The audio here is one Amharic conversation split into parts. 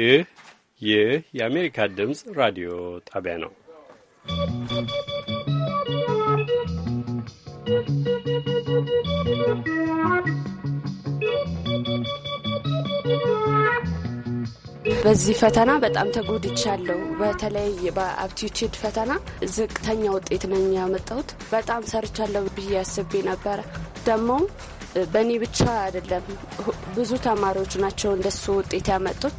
ይህ ይህ የአሜሪካ ድምፅ ራዲዮ ጣቢያ ነው። በዚህ ፈተና በጣም ተጎድቻለሁ። በተለይ በአፕቲቱድ ፈተና ዝቅተኛ ውጤት ነኝ ያመጣሁት። በጣም ሰርቻለሁ ብዬ አስቤ ነበረ ደግሞ በእኔ ብቻ አይደለም፣ ብዙ ተማሪዎች ናቸው እንደሱ ውጤት ያመጡት።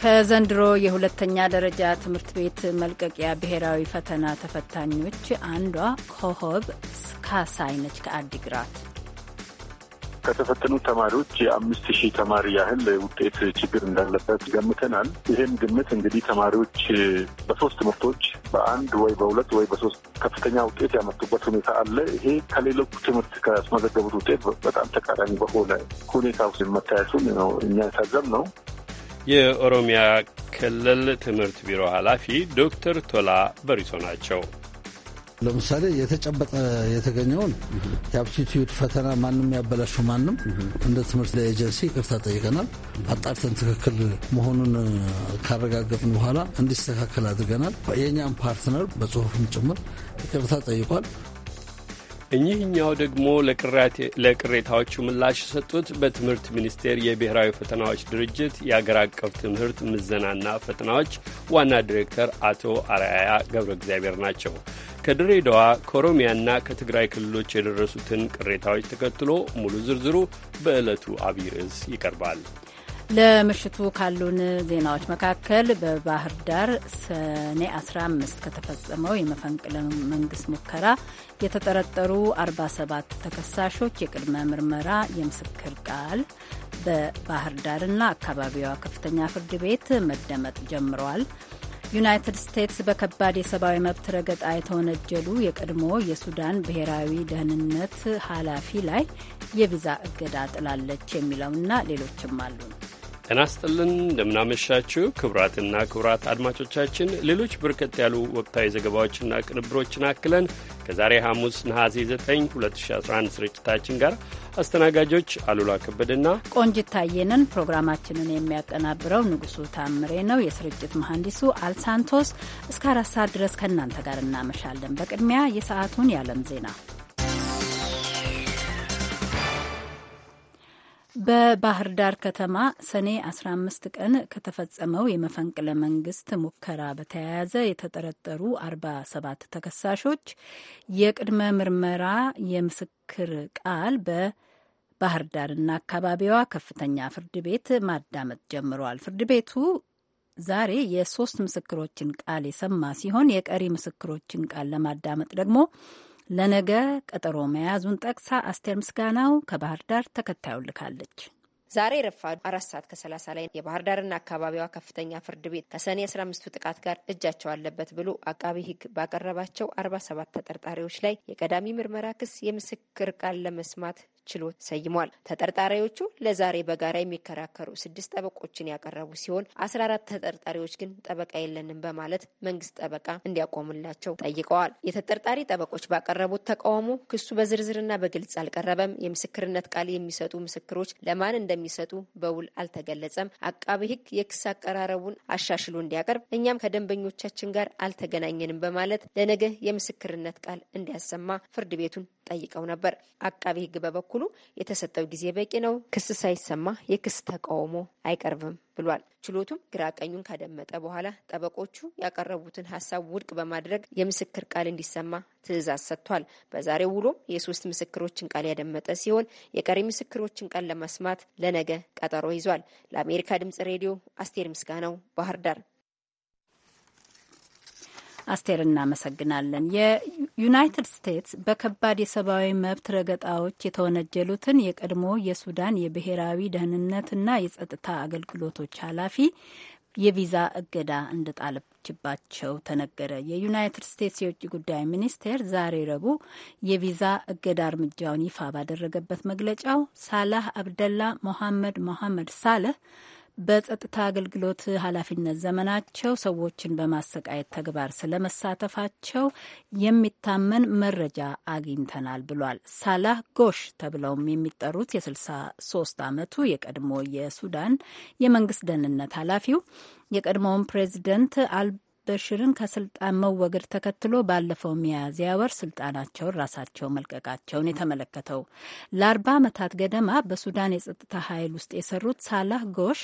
ከዘንድሮ የሁለተኛ ደረጃ ትምህርት ቤት መልቀቂያ ብሔራዊ ፈተና ተፈታኞች አንዷ ኮሆብ ካሳይ ነች ከአዲግራት። ከተፈተኑት ተማሪዎች የአምስት ሺህ ተማሪ ያህል ውጤት ችግር እንዳለበት ገምተናል። ይህም ግምት እንግዲህ ተማሪዎች በሶስት ትምህርቶች በአንድ ወይ በሁለት ወይ በሶስት ከፍተኛ ውጤት ያመጡበት ሁኔታ አለ። ይሄ ከሌሎች ትምህርት ከስመዘገቡት ውጤት በጣም ተቃራኒ በሆነ ሁኔታ ውስጥ መታየቱን ነው እኛ የታዘብነው። የኦሮሚያ ክልል ትምህርት ቢሮ ኃላፊ ዶክተር ቶላ በሪሶ ናቸው። ለምሳሌ የተጨበጠ የተገኘውን የአፕቲቲዩድ ፈተና ማንም ያበላሹ ማንም እንደ ትምህርት ኤጀንሲ ይቅርታ ጠይቀናል። አጣርተን ትክክል መሆኑን ካረጋገጥን በኋላ እንዲስተካከል አድርገናል። የእኛም ፓርትነር በጽሁፍም ጭምር ይቅርታ ጠይቋል። እኚህኛው ደግሞ ለቅሬታዎቹ ምላሽ የሰጡት በትምህርት ሚኒስቴር የብሔራዊ ፈተናዎች ድርጅት የአገር አቀፍ ትምህርት ምዘናና ፈተናዎች ዋና ዲሬክተር አቶ አርአያ ገብረ እግዚአብሔር ናቸው። ከድሬዳዋ ከኦሮሚያና ከትግራይ ክልሎች የደረሱትን ቅሬታዎች ተከትሎ ሙሉ ዝርዝሩ በዕለቱ አብይ ርዕስ ይቀርባል። ለምሽቱ ካሉን ዜናዎች መካከል በባህር ዳር ሰኔ 15 ከተፈጸመው የመፈንቅለ መንግስት ሙከራ የተጠረጠሩ 47 ተከሳሾች የቅድመ ምርመራ የምስክር ቃል በባህር ዳርና አካባቢዋ ከፍተኛ ፍርድ ቤት መደመጥ ጀምረዋል። ዩናይትድ ስቴትስ በከባድ የሰብአዊ መብት ረገጣ የተወነጀሉ የቀድሞ የሱዳን ብሔራዊ ደህንነት ኃላፊ ላይ የቪዛ እገዳ ጥላለች የሚለውና ሌሎችም አሉ። ጤና ስጥልን እንደምናመሻችው ክቡራትና ክቡራት አድማጮቻችን ሌሎች በርከት ያሉ ወቅታዊ ዘገባዎችና ቅንብሮችን አክለን ከዛሬ ሐሙስ ነሐሴ 9 2011 ስርጭታችን ጋር አስተናጋጆች አሉላ ከበድና ቆንጅት ታየንን። ፕሮግራማችንን የሚያቀናብረው ንጉሱ ታምሬ ነው። የስርጭት መሐንዲሱ አልሳንቶስ። እስከ አራት ሰዓት ድረስ ከእናንተ ጋር እናመሻለን። በቅድሚያ የሰዓቱን የዓለም ዜና በባህር ዳር ከተማ ሰኔ 15 ቀን ከተፈጸመው የመፈንቅለ መንግስት ሙከራ በተያያዘ የተጠረጠሩ 47 ተከሳሾች የቅድመ ምርመራ የምስክር ቃል ባህር ዳርና አካባቢዋ ከፍተኛ ፍርድ ቤት ማዳመጥ ጀምረዋል። ፍርድ ቤቱ ዛሬ የሶስት ምስክሮችን ቃል የሰማ ሲሆን የቀሪ ምስክሮችን ቃል ለማዳመጥ ደግሞ ለነገ ቀጠሮ መያዙን ጠቅሳ አስቴር ምስጋናው ከባህር ዳር ተከታዩን ልካለች። ዛሬ ረፋዱ አራት ሰዓት ከሰላሳ ላይ የባህር ዳርና አካባቢዋ ከፍተኛ ፍርድ ቤት ከሰኔ አስራ አምስቱ ጥቃት ጋር እጃቸው አለበት ብሎ አቃቢ ሕግ ባቀረባቸው አርባ ሰባት ተጠርጣሪዎች ላይ የቀዳሚ ምርመራ ክስ የምስክር ቃል ለመስማት ችሎት ሰይሟል። ተጠርጣሪዎቹ ለዛሬ በጋራ የሚከራከሩ ስድስት ጠበቆችን ያቀረቡ ሲሆን አስራ አራት ተጠርጣሪዎች ግን ጠበቃ የለንም በማለት መንግስት ጠበቃ እንዲያቆምላቸው ጠይቀዋል። የተጠርጣሪ ጠበቆች ባቀረቡት ተቃውሞ ክሱ በዝርዝርና በግልጽ አልቀረበም፣ የምስክርነት ቃል የሚሰጡ ምስክሮች ለማን እንደሚሰጡ በውል አልተገለጸም፣ አቃቢ ሕግ የክስ አቀራረቡን አሻሽሎ እንዲያቀርብ፣ እኛም ከደንበኞቻችን ጋር አልተገናኘንም በማለት ለነገ የምስክርነት ቃል እንዲያሰማ ፍርድ ቤቱን ጠይቀው ነበር። አቃቢ ሕግ በበኩሉ የተሰጠው ጊዜ በቂ ነው፣ ክስ ሳይሰማ የክስ ተቃውሞ አይቀርብም ብሏል። ችሎቱም ግራ ቀኙን ካደመጠ በኋላ ጠበቆቹ ያቀረቡትን ሀሳብ ውድቅ በማድረግ የምስክር ቃል እንዲሰማ ትዕዛዝ ሰጥቷል። በዛሬው ውሎም የሶስት ምስክሮችን ቃል ያደመጠ ሲሆን የቀሪ ምስክሮችን ቃል ለመስማት ለነገ ቀጠሮ ይዟል። ለአሜሪካ ድምጽ ሬዲዮ አስቴር ምስጋናው ባህር ዳር አስቴር እናመሰግናለን። የዩናይትድ ስቴትስ በከባድ የሰብአዊ መብት ረገጣዎች የተወነጀሉትን የቀድሞ የሱዳን የብሔራዊ ደህንነትና የጸጥታ አገልግሎቶች ኃላፊ የቪዛ እገዳ እንደጣለችባቸው ተነገረ። የዩናይትድ ስቴትስ የውጭ ጉዳይ ሚኒስቴር ዛሬ ረቡዕ የቪዛ እገዳ እርምጃውን ይፋ ባደረገበት መግለጫው ሳላህ አብደላ ሞሐመድ ሞሐመድ ሳለህ በጸጥታ አገልግሎት ኃላፊነት ዘመናቸው ሰዎችን በማሰቃየት ተግባር ስለመሳተፋቸው የሚታመን መረጃ አግኝተናል ብሏል። ሳላህ ጎሽ ተብለውም የሚጠሩት የ63 ዓመቱ የቀድሞ የሱዳን የመንግስት ደህንነት ኃላፊው የቀድሞውን ፕሬዚደንት አል ሽርን ከስልጣን መወገድ ተከትሎ ባለፈው ሚያዝያ ወር ስልጣናቸውን ራሳቸው መልቀቃቸውን የተመለከተው ለአርባ ዓመታት ገደማ በሱዳን የጸጥታ ኃይል ውስጥ የሰሩት ሳላህ ጎሽ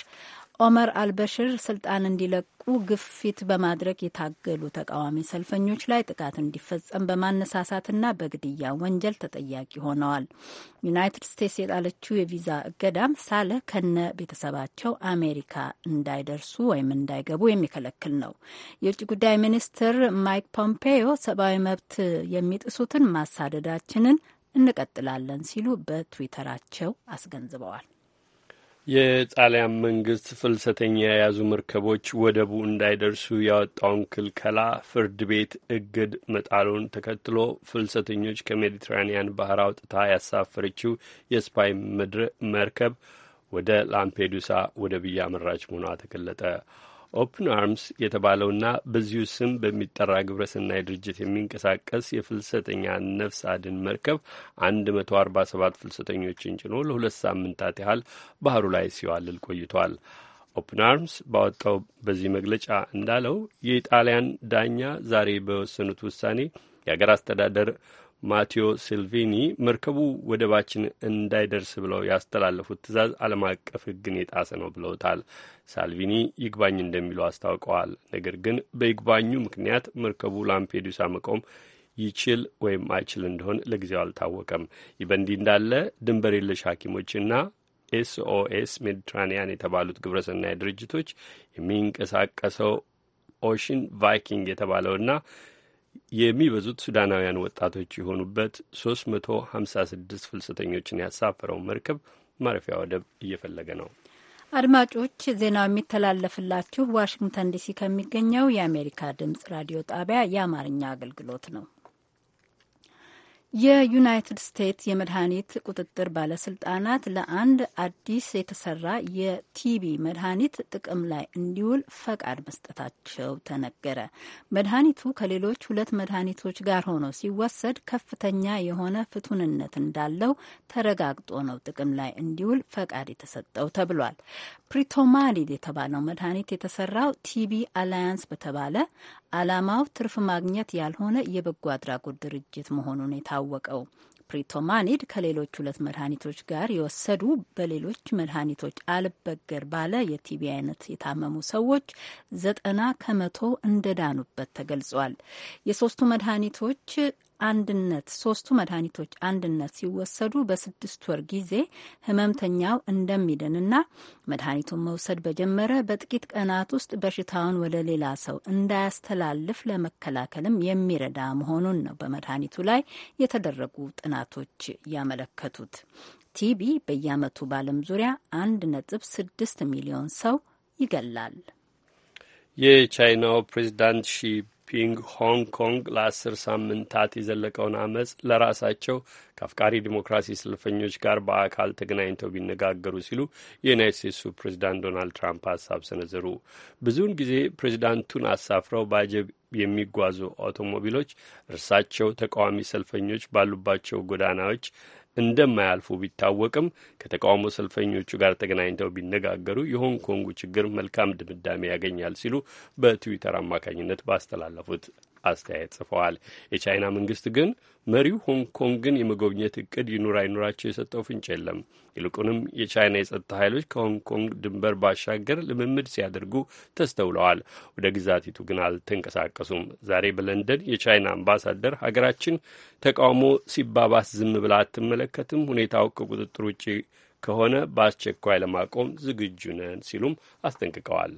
ኦመር አልበሽር ስልጣን እንዲለቁ ግፊት በማድረግ የታገሉ ተቃዋሚ ሰልፈኞች ላይ ጥቃት እንዲፈጸም በማነሳሳትና በግድያ ወንጀል ተጠያቂ ሆነዋል። ዩናይትድ ስቴትስ የጣለችው የቪዛ እገዳም ሳለ ከነ ቤተሰባቸው አሜሪካ እንዳይደርሱ ወይም እንዳይገቡ የሚከለክል ነው። የውጭ ጉዳይ ሚኒስትር ማይክ ፖምፔዮ ሰብአዊ መብት የሚጥሱትን ማሳደዳችንን እንቀጥላለን ሲሉ በትዊተራቸው አስገንዝበዋል። የጣሊያን መንግስት ፍልሰተኛ የያዙ መርከቦች ወደቡ እንዳይደርሱ ያወጣውን ክልከላ ፍርድ ቤት እግድ መጣሉን ተከትሎ ፍልሰተኞች ከሜዲትራኒያን ባህር አውጥታ ያሳፈረችው የስፓይ ምድር መርከብ ወደ ላምፔዱሳ ወደብ እያመራች መሆኗ ተገለጠ። ኦፕን አርምስ የተባለውና በዚሁ ስም በሚጠራ ግብረሰናይ ድርጅት የሚንቀሳቀስ የፍልሰተኛ ነፍስ አድን መርከብ 147 ፍልሰተኞችን ጭኖ ለሁለት ሳምንታት ያህል ባህሩ ላይ ሲዋልል ቆይቷል። ኦፕን አርምስ ባወጣው በዚህ መግለጫ እንዳለው የኢጣሊያን ዳኛ ዛሬ በወሰኑት ውሳኔ የአገር አስተዳደር ማቴዎ ሲልቪኒ መርከቡ ወደባችን እንዳይደርስ ብለው ያስተላለፉት ትዕዛዝ ዓለም አቀፍ ሕግን የጣሰ ነው ብለውታል። ሳልቪኒ ይግባኝ እንደሚሉ አስታውቀዋል። ነገር ግን በይግባኙ ምክንያት መርከቡ ላምፔዱሳ መቆም ይችል ወይም አይችል እንደሆን ለጊዜው አልታወቀም። ይህ በእንዲህ እንዳለ ድንበር የለሽ ሐኪሞችና ኤስኦኤስ ሜዲትራኒያን የተባሉት ግብረሰናይ ድርጅቶች የሚንቀሳቀሰው ኦሽን ቫይኪንግ የተባለውና የሚበዙት ሱዳናውያን ወጣቶች የሆኑበት 356 ፍልሰተኞችን ያሳፈረውን መርከብ ማረፊያ ወደብ እየፈለገ ነው። አድማጮች ዜናው የሚተላለፍላችሁ ዋሽንግተን ዲሲ ከሚገኘው የአሜሪካ ድምጽ ራዲዮ ጣቢያ የአማርኛ አገልግሎት ነው። የዩናይትድ ስቴትስ የመድኃኒት ቁጥጥር ባለስልጣናት ለአንድ አዲስ የተሰራ የቲቢ መድኃኒት ጥቅም ላይ እንዲውል ፈቃድ መስጠታቸው ተነገረ። መድኃኒቱ ከሌሎች ሁለት መድኃኒቶች ጋር ሆኖ ሲወሰድ ከፍተኛ የሆነ ፍቱንነት እንዳለው ተረጋግጦ ነው ጥቅም ላይ እንዲውል ፈቃድ የተሰጠው ተብሏል። ፕሪቶማሊድ የተባለው መድኃኒት የተሰራው ቲቢ አላያንስ በተባለ ዓላማው ትርፍ ማግኘት ያልሆነ የበጎ አድራጎት ድርጅት መሆኑን የታወቀው ፕሪቶማኒድ ከሌሎች ሁለት መድኃኒቶች ጋር የወሰዱ በሌሎች መድኃኒቶች አልበገር ባለ የቲቢ አይነት የታመሙ ሰዎች ዘጠና ከመቶ እንደዳኑበት ተገልጿል። የሶስቱ መድኃኒቶች አንድነት ሶስቱ መድኃኒቶች አንድነት ሲወሰዱ በስድስት ወር ጊዜ ህመምተኛው እንደሚድንና መድኃኒቱን መውሰድ በጀመረ በጥቂት ቀናት ውስጥ በሽታውን ወደ ሌላ ሰው እንዳያስተላልፍ ለመከላከልም የሚረዳ መሆኑን ነው በመድኃኒቱ ላይ የተደረጉ ጥናቶች ያመለከቱት። ቲቢ በየዓመቱ በዓለም ዙሪያ አንድ ነጥብ ስድስት ሚሊዮን ሰው ይገላል። የቻይናው ፕሬዚዳንት ሺ ጂንፒንግ ሆንግ ኮንግ ለአስር ሳምንታት የዘለቀውን አመፅ ለራሳቸው ከአፍቃሪ ዲሞክራሲ ሰልፈኞች ጋር በአካል ተገናኝተው ቢነጋገሩ ሲሉ የዩናይት ስቴትሱ ፕሬዚዳንት ዶናልድ ትራምፕ ሀሳብ ሰነዘሩ። ብዙውን ጊዜ ፕሬዚዳንቱን አሳፍረው በአጀብ የሚጓዙ አውቶሞቢሎች እርሳቸው ተቃዋሚ ሰልፈኞች ባሉባቸው ጎዳናዎች እንደማያልፉ ቢታወቅም ከተቃውሞ ሰልፈኞቹ ጋር ተገናኝተው ቢነጋገሩ የሆንግ ኮንጉ ችግር መልካም ድምዳሜ ያገኛል ሲሉ በትዊተር አማካኝነት ባስተላለፉት አስተያየት ጽፈዋል። የቻይና መንግስት ግን መሪው ሆንግ ኮንግን የመጎብኘት እቅድ ይኑር አይኑራቸው የሰጠው ፍንጭ የለም። ይልቁንም የቻይና የጸጥታ ኃይሎች ከሆንግ ኮንግ ድንበር ባሻገር ልምምድ ሲያደርጉ ተስተውለዋል። ወደ ግዛቲቱ ግን አልተንቀሳቀሱም። ዛሬ በለንደን የቻይና አምባሳደር ሀገራችን ተቃውሞ ሲባባስ ዝም ብላ አትመለከትም፣ ሁኔታው ከቁጥጥር ውጪ ከሆነ በአስቸኳይ ለማቆም ዝግጁ ነን ሲሉም አስጠንቅቀዋል።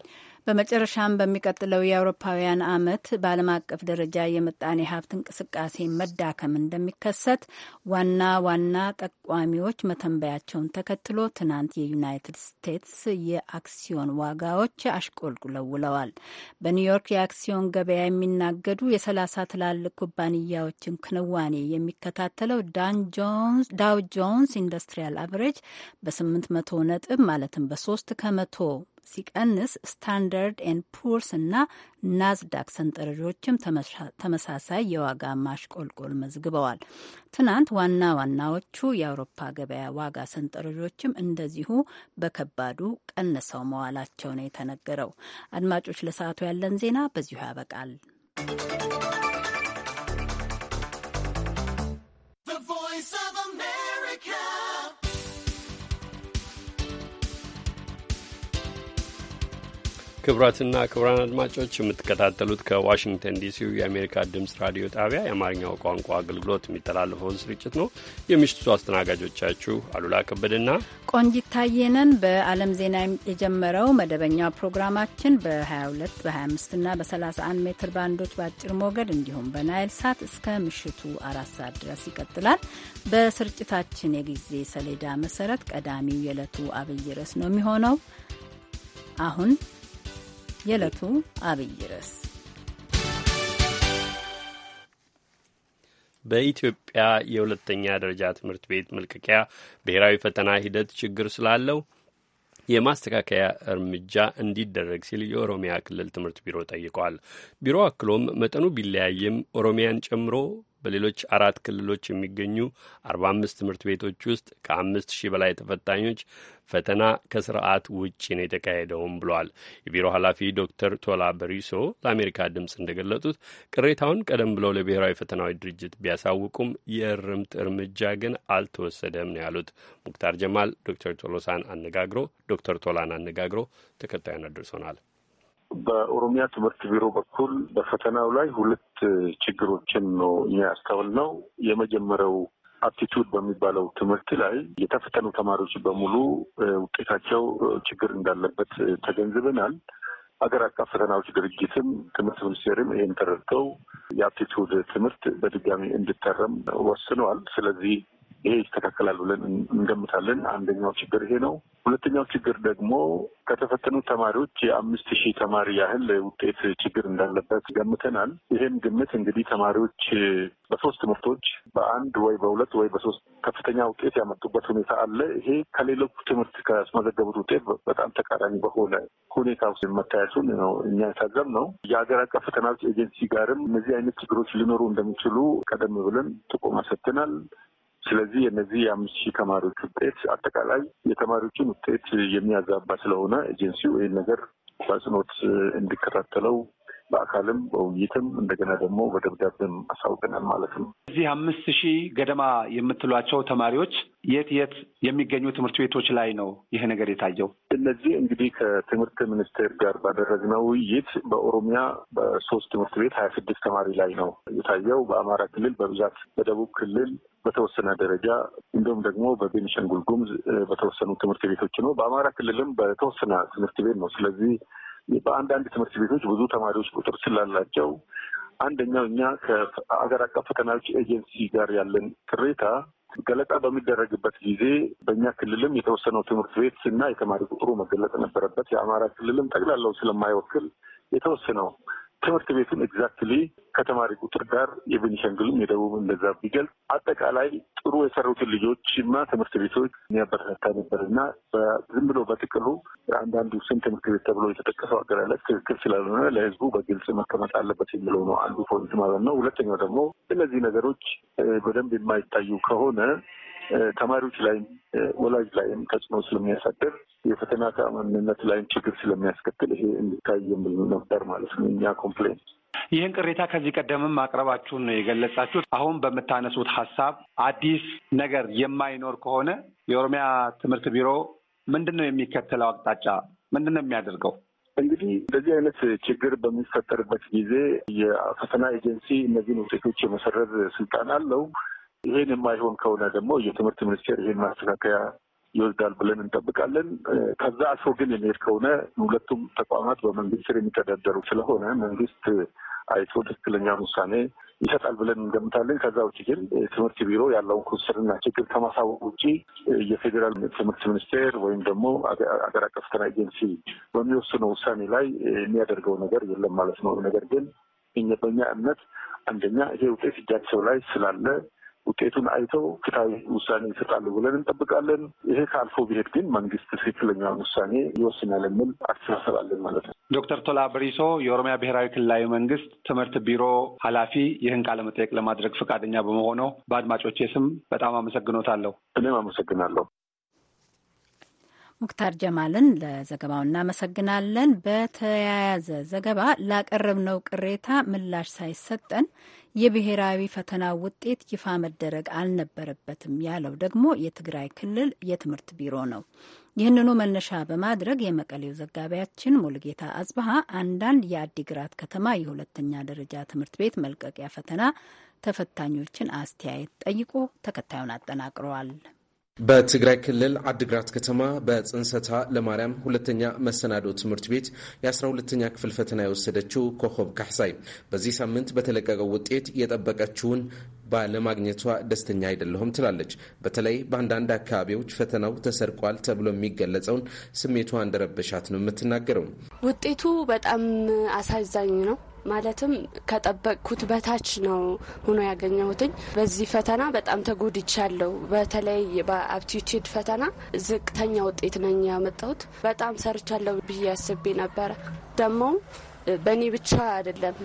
በመጨረሻም በሚቀጥለው የአውሮፓውያን አመት በዓለም አቀፍ ደረጃ የምጣኔ ሀብት እንቅስቃሴ መዳከም እንደሚከሰት ዋና ዋና ጠቋሚዎች መተንበያቸውን ተከትሎ ትናንት የዩናይትድ ስቴትስ የአክሲዮን ዋጋዎች አሽቆልቁለው ውለዋል። በኒውዮርክ የአክሲዮን ገበያ የሚናገዱ የሰላሳ ትላልቅ ኩባንያዎችን ክንዋኔ የሚከታተለው ዳው ጆንስ ኢንዱስትሪያል አቨሬጅ በ800 ነጥብ ማለትም በሶስት ከመቶ ሲቀንስ ስታንዳርድ ኤን ፑርስ እና ናዝዳክ ሰንጠረዦችም ተመሳሳይ የዋጋ ማሽቆልቆል መዝግበዋል። ትናንት ዋና ዋናዎቹ የአውሮፓ ገበያ ዋጋ ሰንጠረዦችም እንደዚሁ በከባዱ ቀንሰው መዋላቸው ነው የተነገረው። አድማጮች፣ ለሰዓቱ ያለን ዜና በዚሁ ያበቃል። ክቡራትና ክቡራን አድማጮች የምትከታተሉት ከዋሽንግተን ዲሲው የአሜሪካ ድምፅ ራዲዮ ጣቢያ የአማርኛው ቋንቋ አገልግሎት የሚተላለፈውን ስርጭት ነው። የምሽቱ አስተናጋጆቻችሁ አሉላ ከበደና ቆንጂት በአለም በዓለም ዜና የጀመረው መደበኛ ፕሮግራማችን በ22 በ25 እና በ31 ሜትር ባንዶች በአጭር ሞገድ እንዲሁም በናይል ሳት እስከ ምሽቱ አራት ሰዓት ድረስ ይቀጥላል። በስርጭታችን የጊዜ ሰሌዳ መሰረት ቀዳሚው የዕለቱ አብይ ርዕስ ነው የሚሆነው አሁን የዕለቱ አብይ ርዕስ በኢትዮጵያ የሁለተኛ ደረጃ ትምህርት ቤት መልቀቂያ ብሔራዊ ፈተና ሂደት ችግር ስላለው የማስተካከያ እርምጃ እንዲደረግ ሲል የኦሮሚያ ክልል ትምህርት ቢሮ ጠይቋል። ቢሮ አክሎም መጠኑ ቢለያይም ኦሮሚያን ጨምሮ በሌሎች አራት ክልሎች የሚገኙ አርባ አምስት ትምህርት ቤቶች ውስጥ ከአምስት ሺህ በላይ ተፈታኞች ፈተና ከስርዓት ውጭ ነው የተካሄደውም ብሏል። የቢሮ ኃላፊ ዶክተር ቶላ በሪሶ ለአሜሪካ ድምፅ እንደገለጡት ቅሬታውን ቀደም ብለው ለብሔራዊ ፈተናዎች ድርጅት ቢያሳውቁም የእርምት እርምጃ ግን አልተወሰደም ነው ያሉት። ሙክታር ጀማል ዶክተር ቶሎሳን አነጋግሮ ዶክተር ቶላን አነጋግሮ ተከታዩን አድርሶናል። በኦሮሚያ ትምህርት ቢሮ በኩል በፈተናው ላይ ሁለት ችግሮችን ነው እኛ ያስተዋልነው። የመጀመሪያው አፕቲቱድ በሚባለው ትምህርት ላይ የተፈተኑ ተማሪዎች በሙሉ ውጤታቸው ችግር እንዳለበት ተገንዝበናል። ሀገር አቀፍ ፈተናዎች ድርጅትም ትምህርት ሚኒስቴርም ይህን ተረድተው የአፕቲቱድ ትምህርት በድጋሚ እንዲታረም ወስነዋል። ስለዚህ ይሄ ይስተካከላል ብለን እንገምታለን። አንደኛው ችግር ይሄ ነው። ሁለተኛው ችግር ደግሞ ከተፈተኑ ተማሪዎች የአምስት ሺህ ተማሪ ያህል ውጤት ችግር እንዳለበት ገምተናል። ይህም ግምት እንግዲህ ተማሪዎች በሶስት ትምህርቶች በአንድ ወይ በሁለት ወይ በሶስት ከፍተኛ ውጤት ያመጡበት ሁኔታ አለ። ይሄ ከሌሎቹ ትምህርት ካስመዘገቡት ውጤት በጣም ተቃራኒ በሆነ ሁኔታ ውስጥ መታየቱን ነው እኛ የታዘብ ነው። የሀገር አቀፍ ፈተናዎች ኤጀንሲ ጋርም እነዚህ አይነት ችግሮች ሊኖሩ እንደሚችሉ ቀደም ብለን ጥቆማ ሰጥተናል። ስለዚህ የነዚህ የአምስት ሺህ ተማሪዎች ውጤት አጠቃላይ የተማሪዎችን ውጤት የሚያዛባ ስለሆነ ኤጀንሲው ይህን ነገር በአጽንኦት እንዲከታተለው በአካልም በውይይትም እንደገና ደግሞ በደብዳቤም አሳውቀናል ማለት ነው። እዚህ አምስት ሺህ ገደማ የምትሏቸው ተማሪዎች የት የት የሚገኙ ትምህርት ቤቶች ላይ ነው ይህ ነገር የታየው? እነዚህ እንግዲህ ከትምህርት ሚኒስቴር ጋር ባደረግነው ውይይት በኦሮሚያ በሶስት ትምህርት ቤት ሀያ ስድስት ተማሪ ላይ ነው የታየው። በአማራ ክልል በብዛት በደቡብ ክልል በተወሰነ ደረጃ እንዲሁም ደግሞ በቤኒሻንጉል ጉሙዝ በተወሰኑ ትምህርት ቤቶች ነው። በአማራ ክልልም በተወሰነ ትምህርት ቤት ነው። ስለዚህ በአንዳንድ ትምህርት ቤቶች ብዙ ተማሪዎች ቁጥር ስላላቸው አንደኛው እኛ ከሀገር አቀፍ ፈተናዎች ኤጀንሲ ጋር ያለን ቅሬታ ገለጣ በሚደረግበት ጊዜ በእኛ ክልልም የተወሰነው ትምህርት ቤት እና የተማሪ ቁጥሩ መገለጽ ነበረበት። የአማራ ክልልም ጠቅላላው ስለማይወክል የተወሰነው ትምህርት ቤቱን ኤግዛክትሊ ከተማሪ ቁጥር ጋር የቤኒሻንግልም የደቡብ እንደዛ ቢገልጽ አጠቃላይ ጥሩ የሰሩትን ልጆች እና ትምህርት ቤቶች የሚያበረታታ ነበር እና ዝም ብሎ በጥቅሉ አንዳንዱ ስም ትምህርት ቤት ተብሎ የተጠቀሰው አገላለጽ ትክክል ስላልሆነ ለህዝቡ በግልጽ መቀመጥ አለበት የሚለው ነው አንዱ ፖይንት ማለት ነው። ሁለተኛው ደግሞ እነዚህ ነገሮች በደንብ የማይታዩ ከሆነ ተማሪዎች ላይም ወላጅ ላይም ተጽዕኖ ስለሚያሳድር የፈተና ተአማኒነት ላይም ችግር ስለሚያስከትል ይሄ እንዲታይ የሚል ነበር ማለት ነው እኛ ኮምፕሌን ይህን ቅሬታ ከዚህ ቀደምም ማቅረባችሁን ነው የገለጻችሁት። አሁን በምታነሱት ሀሳብ አዲስ ነገር የማይኖር ከሆነ የኦሮሚያ ትምህርት ቢሮ ምንድን ነው የሚከተለው አቅጣጫ? ምንድን ነው የሚያደርገው? እንግዲህ እንደዚህ አይነት ችግር በሚፈጠርበት ጊዜ የፈተና ኤጀንሲ እነዚህን ውጤቶች የመሰረዝ ስልጣን አለው። ይሄን የማይሆን ከሆነ ደግሞ የትምህርት ሚኒስቴር ይሄን ማስተካከያ ይወስዳል ብለን እንጠብቃለን። ከዛ አልፎ ግን የሚሄድ ከሆነ ሁለቱም ተቋማት በመንግስት ስር የሚተዳደሩ ስለሆነ መንግስት አይቶ ትክክለኛውን ውሳኔ ይሰጣል ብለን እንገምታለን። ከዛ ውጭ ግን ትምህርት ቢሮ ያለውን ክስርና ችግር ከማሳወቅ ውጭ የፌዴራል ትምህርት ሚኒስቴር ወይም ደግሞ አገር አቀፍ ፈተና ኤጀንሲ በሚወስነው ውሳኔ ላይ የሚያደርገው ነገር የለም ማለት ነው። ነገር ግን በእኛ እምነት አንደኛ ይሄ ውጤት እጃቸው ላይ ስላለ ውጤቱን አይተው ፍትሐዊ ውሳኔ ይሰጣሉ ብለን እንጠብቃለን። ይሄ ካልፎ ቢሄድ ግን መንግስት ትክክለኛውን ውሳኔ ይወስናል የሚል አስተሳሰብ አለን ማለት ነው። ዶክተር ቶላ ብሪሶ የኦሮሚያ ብሔራዊ ክልላዊ መንግስት ትምህርት ቢሮ ኃላፊ ይህን ቃለ መጠየቅ ለማድረግ ፈቃደኛ በመሆነው በአድማጮቼ ስም በጣም አመሰግኖታለሁ። እኔም አመሰግናለሁ። ሙክታር ጀማልን ለዘገባው እናመሰግናለን። በተያያዘ ዘገባ ላቀረብነው ቅሬታ ምላሽ ሳይሰጠን የብሔራዊ ፈተና ውጤት ይፋ መደረግ አልነበረበትም ያለው ደግሞ የትግራይ ክልል የትምህርት ቢሮ ነው። ይህንኑ መነሻ በማድረግ የመቀሌው ዘጋቢያችን ሙልጌታ አጽብሃ አንዳንድ የአዲግራት ከተማ የሁለተኛ ደረጃ ትምህርት ቤት መልቀቂያ ፈተና ተፈታኞችን አስተያየት ጠይቆ ተከታዩን አጠናቅረዋል። በትግራይ ክልል አድግራት ከተማ በጽንሰታ ለማርያም ሁለተኛ መሰናዶ ትምህርት ቤት የ12ተኛ ክፍል ፈተና የወሰደችው ኮኸብ ካሕሳይ በዚህ ሳምንት በተለቀቀው ውጤት የጠበቀችውን ባለማግኘቷ ደስተኛ አይደለሁም ትላለች። በተለይ በአንዳንድ አካባቢዎች ፈተናው ተሰርቋል ተብሎ የሚገለጸውን ስሜቷ እንደረበሻት ነው የምትናገረው። ውጤቱ በጣም አሳዛኝ ነው። ማለትም ከጠበቅኩት በታች ነው ሆኖ ያገኘሁትኝ። በዚህ ፈተና በጣም ተጎድቻለሁ። በተለይ በአፕቲቱድ ፈተና ዝቅተኛ ውጤት ነኝ ያመጣሁት። በጣም ሰርቻለሁ ብዬ አስቤ ነበረ። ደግሞ በእኔ ብቻ አይደለም፣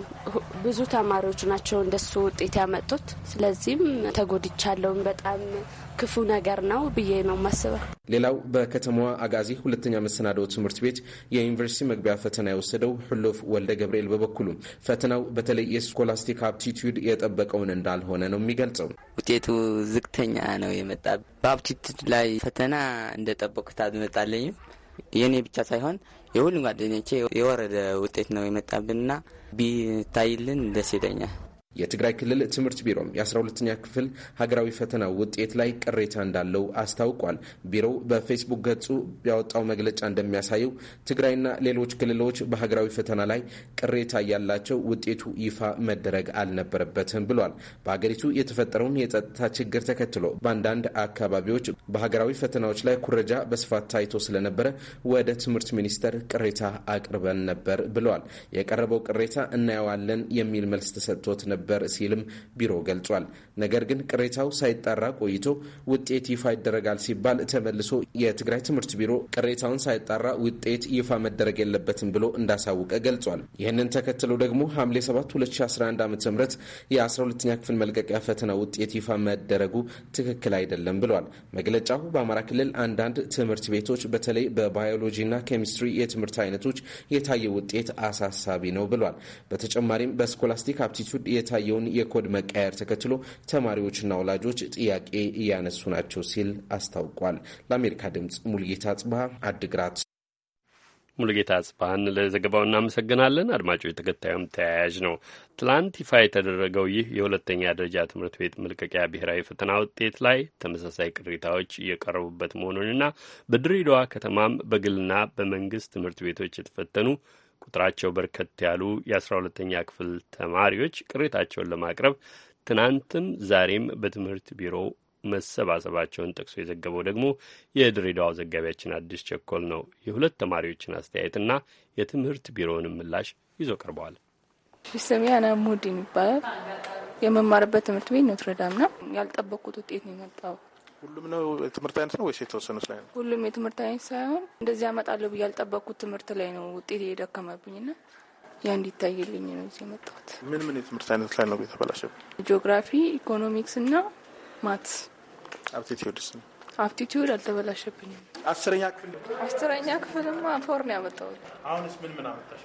ብዙ ተማሪዎች ናቸው እንደሱ ውጤት ያመጡት። ስለዚህም ተጎድቻለሁም በጣም ክፉ ነገር ነው ብዬ ነው ማስበው። ሌላው በከተማዋ አጋዚ ሁለተኛ መሰናዶ ትምህርት ቤት የዩኒቨርሲቲ መግቢያ ፈተና የወሰደው ሁሉፍ ወልደ ገብርኤል በበኩሉ ፈተናው በተለይ የስኮላስቲክ አፕቲቱድ የጠበቀውን እንዳልሆነ ነው የሚገልጸው። ውጤቱ ዝቅተኛ ነው የመጣ በአፕቲቱድ ላይ ፈተና እንደጠበቁት አልመጣልኝም። የእኔ ብቻ ሳይሆን የሁሉም ጓደኞቼ የወረደ ውጤት ነው የመጣብንና ቢታይልን ደስ ይለኛል። የትግራይ ክልል ትምህርት ቢሮም የ12ኛ ክፍል ሀገራዊ ፈተና ውጤት ላይ ቅሬታ እንዳለው አስታውቋል። ቢሮው በፌስቡክ ገጹ ያወጣው መግለጫ እንደሚያሳየው ትግራይና ሌሎች ክልሎች በሀገራዊ ፈተና ላይ ቅሬታ ያላቸው ውጤቱ ይፋ መደረግ አልነበረበትም ብሏል። በሀገሪቱ የተፈጠረውን የጸጥታ ችግር ተከትሎ በአንዳንድ አካባቢዎች በሀገራዊ ፈተናዎች ላይ ኩረጃ በስፋት ታይቶ ስለነበረ ወደ ትምህርት ሚኒስቴር ቅሬታ አቅርበን ነበር ብለዋል። የቀረበው ቅሬታ እናየዋለን የሚል መልስ ተሰጥቶት ነበር ነበር ሲልም ቢሮ ገልጿል። ነገር ግን ቅሬታው ሳይጣራ ቆይቶ ውጤት ይፋ ይደረጋል ሲባል ተመልሶ የትግራይ ትምህርት ቢሮ ቅሬታውን ሳይጣራ ውጤት ይፋ መደረግ የለበትም ብሎ እንዳሳወቀ ገልጿል። ይህንን ተከትሎ ደግሞ ሐምሌ 7 2011 ዓ ም የ12ኛ ክፍል መልቀቂያ ፈተና ውጤት ይፋ መደረጉ ትክክል አይደለም ብሏል። መግለጫው በአማራ ክልል አንዳንድ ትምህርት ቤቶች በተለይ በባዮሎጂና ኬሚስትሪ የትምህርት አይነቶች የታየ ውጤት አሳሳቢ ነው ብሏል። በተጨማሪም በስኮላስቲክ አፕቲቱድ የታየውን የኮድ መቀየር ተከትሎ ተማሪዎችና ወላጆች ጥያቄ እያነሱ ናቸው ሲል አስታውቋል። ለአሜሪካ ድምጽ ሙልጌታ ጽባ አድግራት። ሙልጌታ ጽብሃን ለዘገባው እናመሰግናለን። አድማጮች፣ ተከታዩም ተያያዥ ነው። ትላንት ይፋ የተደረገው ይህ የሁለተኛ ደረጃ ትምህርት ቤት መልቀቂያ ብሔራዊ ፈተና ውጤት ላይ ተመሳሳይ ቅሬታዎች እየቀረቡበት መሆኑንና በድሬዳዋ ከተማም በግልና በመንግስት ትምህርት ቤቶች የተፈተኑ ቁጥራቸው በርከት ያሉ 12 ሁለተኛ ክፍል ተማሪዎች ቅሬታቸውን ለማቅረብ ትናንትም ዛሬም በትምህርት ቢሮ መሰባሰባቸውን ጠቅሶ የዘገበው ደግሞ የድሬዳዋ ዘጋቢያችን አዲስ ቸኮል ነው። የሁለት ተማሪዎችን አስተያየትና የትምህርት ቢሮውንም ምላሽ ይዞ ቀርበዋል። ስሜ ሙድ የሚባላል የመማርበት ትምህርት ቤት ኖትረዳም ነው። ያልጠበቁት ውጤት ነው የመጣው ሁሉም ነው የትምህርት አይነት ነው ወይስ የተወሰኑት ላይ ነው? ሁሉም የትምህርት አይነት ሳይሆን እንደዚህ ያመጣለሁ ብዬ ያልጠበቅኩት ትምህርት ላይ ነው ውጤት የደከመብኝ ና ያ እንዲታይልኝ ነው እዚህ የመጣሁት። ምን ምን የትምህርት አይነት ላይ ነው የተበላሸብኝ? ጂኦግራፊ፣ ኢኮኖሚክስ ና ማት። አፕቲቲዩድስ ነው አፕቲቲዩድ አልተበላሸብኝም። አስረኛ ክፍል አስረኛ ክፍልማ ፎር ነው ያመጣሁት። አሁንስ ምን ምን አመጣሽ?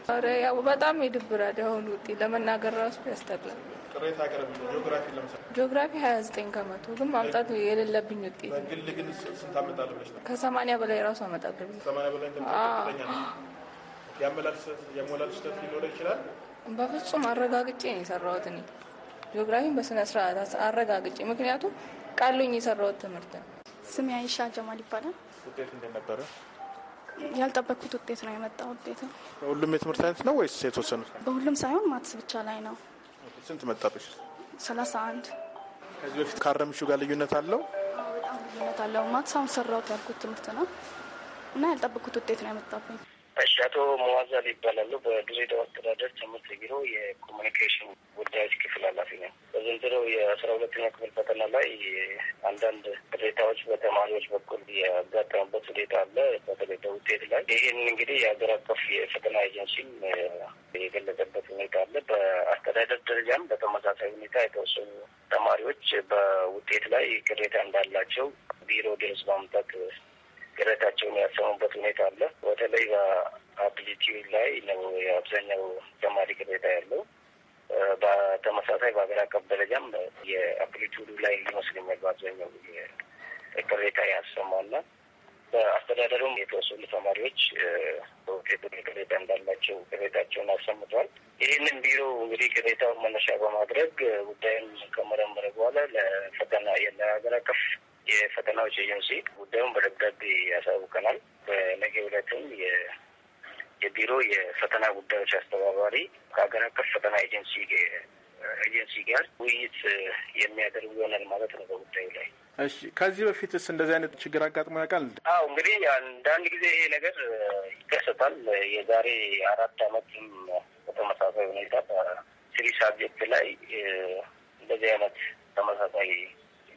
በጣም ይድብራል አሁን ውጤት ለመናገር ራሱ ያስጠላል። ቅሬታ ያቀረብኝ ጂኦግራፊ ለምሳሌ ጂኦግራፊ ሀያ ዘጠኝ ከመቶ ግን ማምጣት የሌለብኝ ውጤት በግል ግን ስንት ብለሽ ነው? በላይ ራሱ አመጣለሁ። ሰማንያ በላይ ነው። የአመላልስ የሞላል ስህተት ሊኖረ ይችላል። በፍጹም አረጋግጬ ነው የሰራሁት እኔ ጂኦግራፊን በስነ ስርዓት አረጋግጬ፣ ምክንያቱም ቃሉኝ የሰራሁት ትምህርት ነው። ስሜ አይሻ ጀማል ይባላል። ውጤት እንደነበረ ያልጠበቅኩት ውጤት ነው የመጣ ውጤት ነው። ሁሉም የትምህርት አይነት ነው ወይስ የተወሰኑት? በሁሉም ሳይሆን ማትስ ብቻ ላይ ነው ስንት መጣብሽ? ሰላሳ አንድ ከዚህ በፊት ካረምሹ ጋር ልዩነት አለው? በጣም ልዩነት አለው። ማትሳም ሰራሁት ያልኩት ትምህርት ነው እና ያልጠበቅኩት ውጤት ነው ያመጣብኝ። እሺ፣ አቶ መዋዛል ይባላሉ። በድሬዳዋ አስተዳደር ትምህርት ቢሮ የኮሚኒኬሽን ጉዳዮች ክፍል ኃላፊ ነው። በዘንድሮው የአስራ ሁለተኛ ክፍል ፈተና ላይ አንዳንድ ቅሬታዎች በተማሪዎች በኩል ያጋጠሙበት ሁኔታ አለ። በተለይ በውጤት ላይ ይህን እንግዲህ የሀገር አቀፍ የፈተና ኤጀንሲም የገለጸበት ሁኔታ አለ። በአስተዳደር ደረጃም በተመሳሳይ ሁኔታ የተወሰኑ ተማሪዎች በውጤት ላይ ቅሬታ እንዳላቸው ቢሮ ድረስ ማምጣት ግረታቸውን ያሰሙበት ሁኔታ አለ። በተለይ በአፕሊቲዩድ ላይ ነው የአብዛኛው ተማሪ ቅሬታ ያለው። በተመሳሳይ በሀገር አቀፍ ደረጃም የአፕሊቱዱ ላይ ይመስለኛል በአብዛኛው ቅሬታ ያሰማና በአስተዳደሩም የተወሰኑ ተማሪዎች በውጤቱ ቅሬታ እንዳላቸው ቅሬታቸውን አሰምተዋል። ይህንን ቢሮ እንግዲህ ቅሬታውን መነሻ በማድረግ ጉዳዩን ከመረመረ በኋላ ለፈተና የለ ሀገር አቀፍ የፈተናዎች ኤጀንሲ ጉዳዩን በደብዳቤ ያሳውቀናል። በነገ ዕለትም የቢሮ የፈተና ጉዳዮች አስተባባሪ ከሀገር አቀፍ ፈተና ኤጀንሲ ኤጀንሲ ጋር ውይይት የሚያደርጉ ይሆናል ማለት ነው በጉዳዩ ላይ። እሺ ከዚህ በፊትስ እንደዚህ አይነት ችግር አጋጥሞ ያውቃል? አዎ እንግዲህ አንዳንድ ጊዜ ይሄ ነገር ይከሰታል። የዛሬ አራት አመትም በተመሳሳይ ሁኔታ ስሪ ሳብጀክት ላይ እንደዚህ አይነት ተመሳሳይ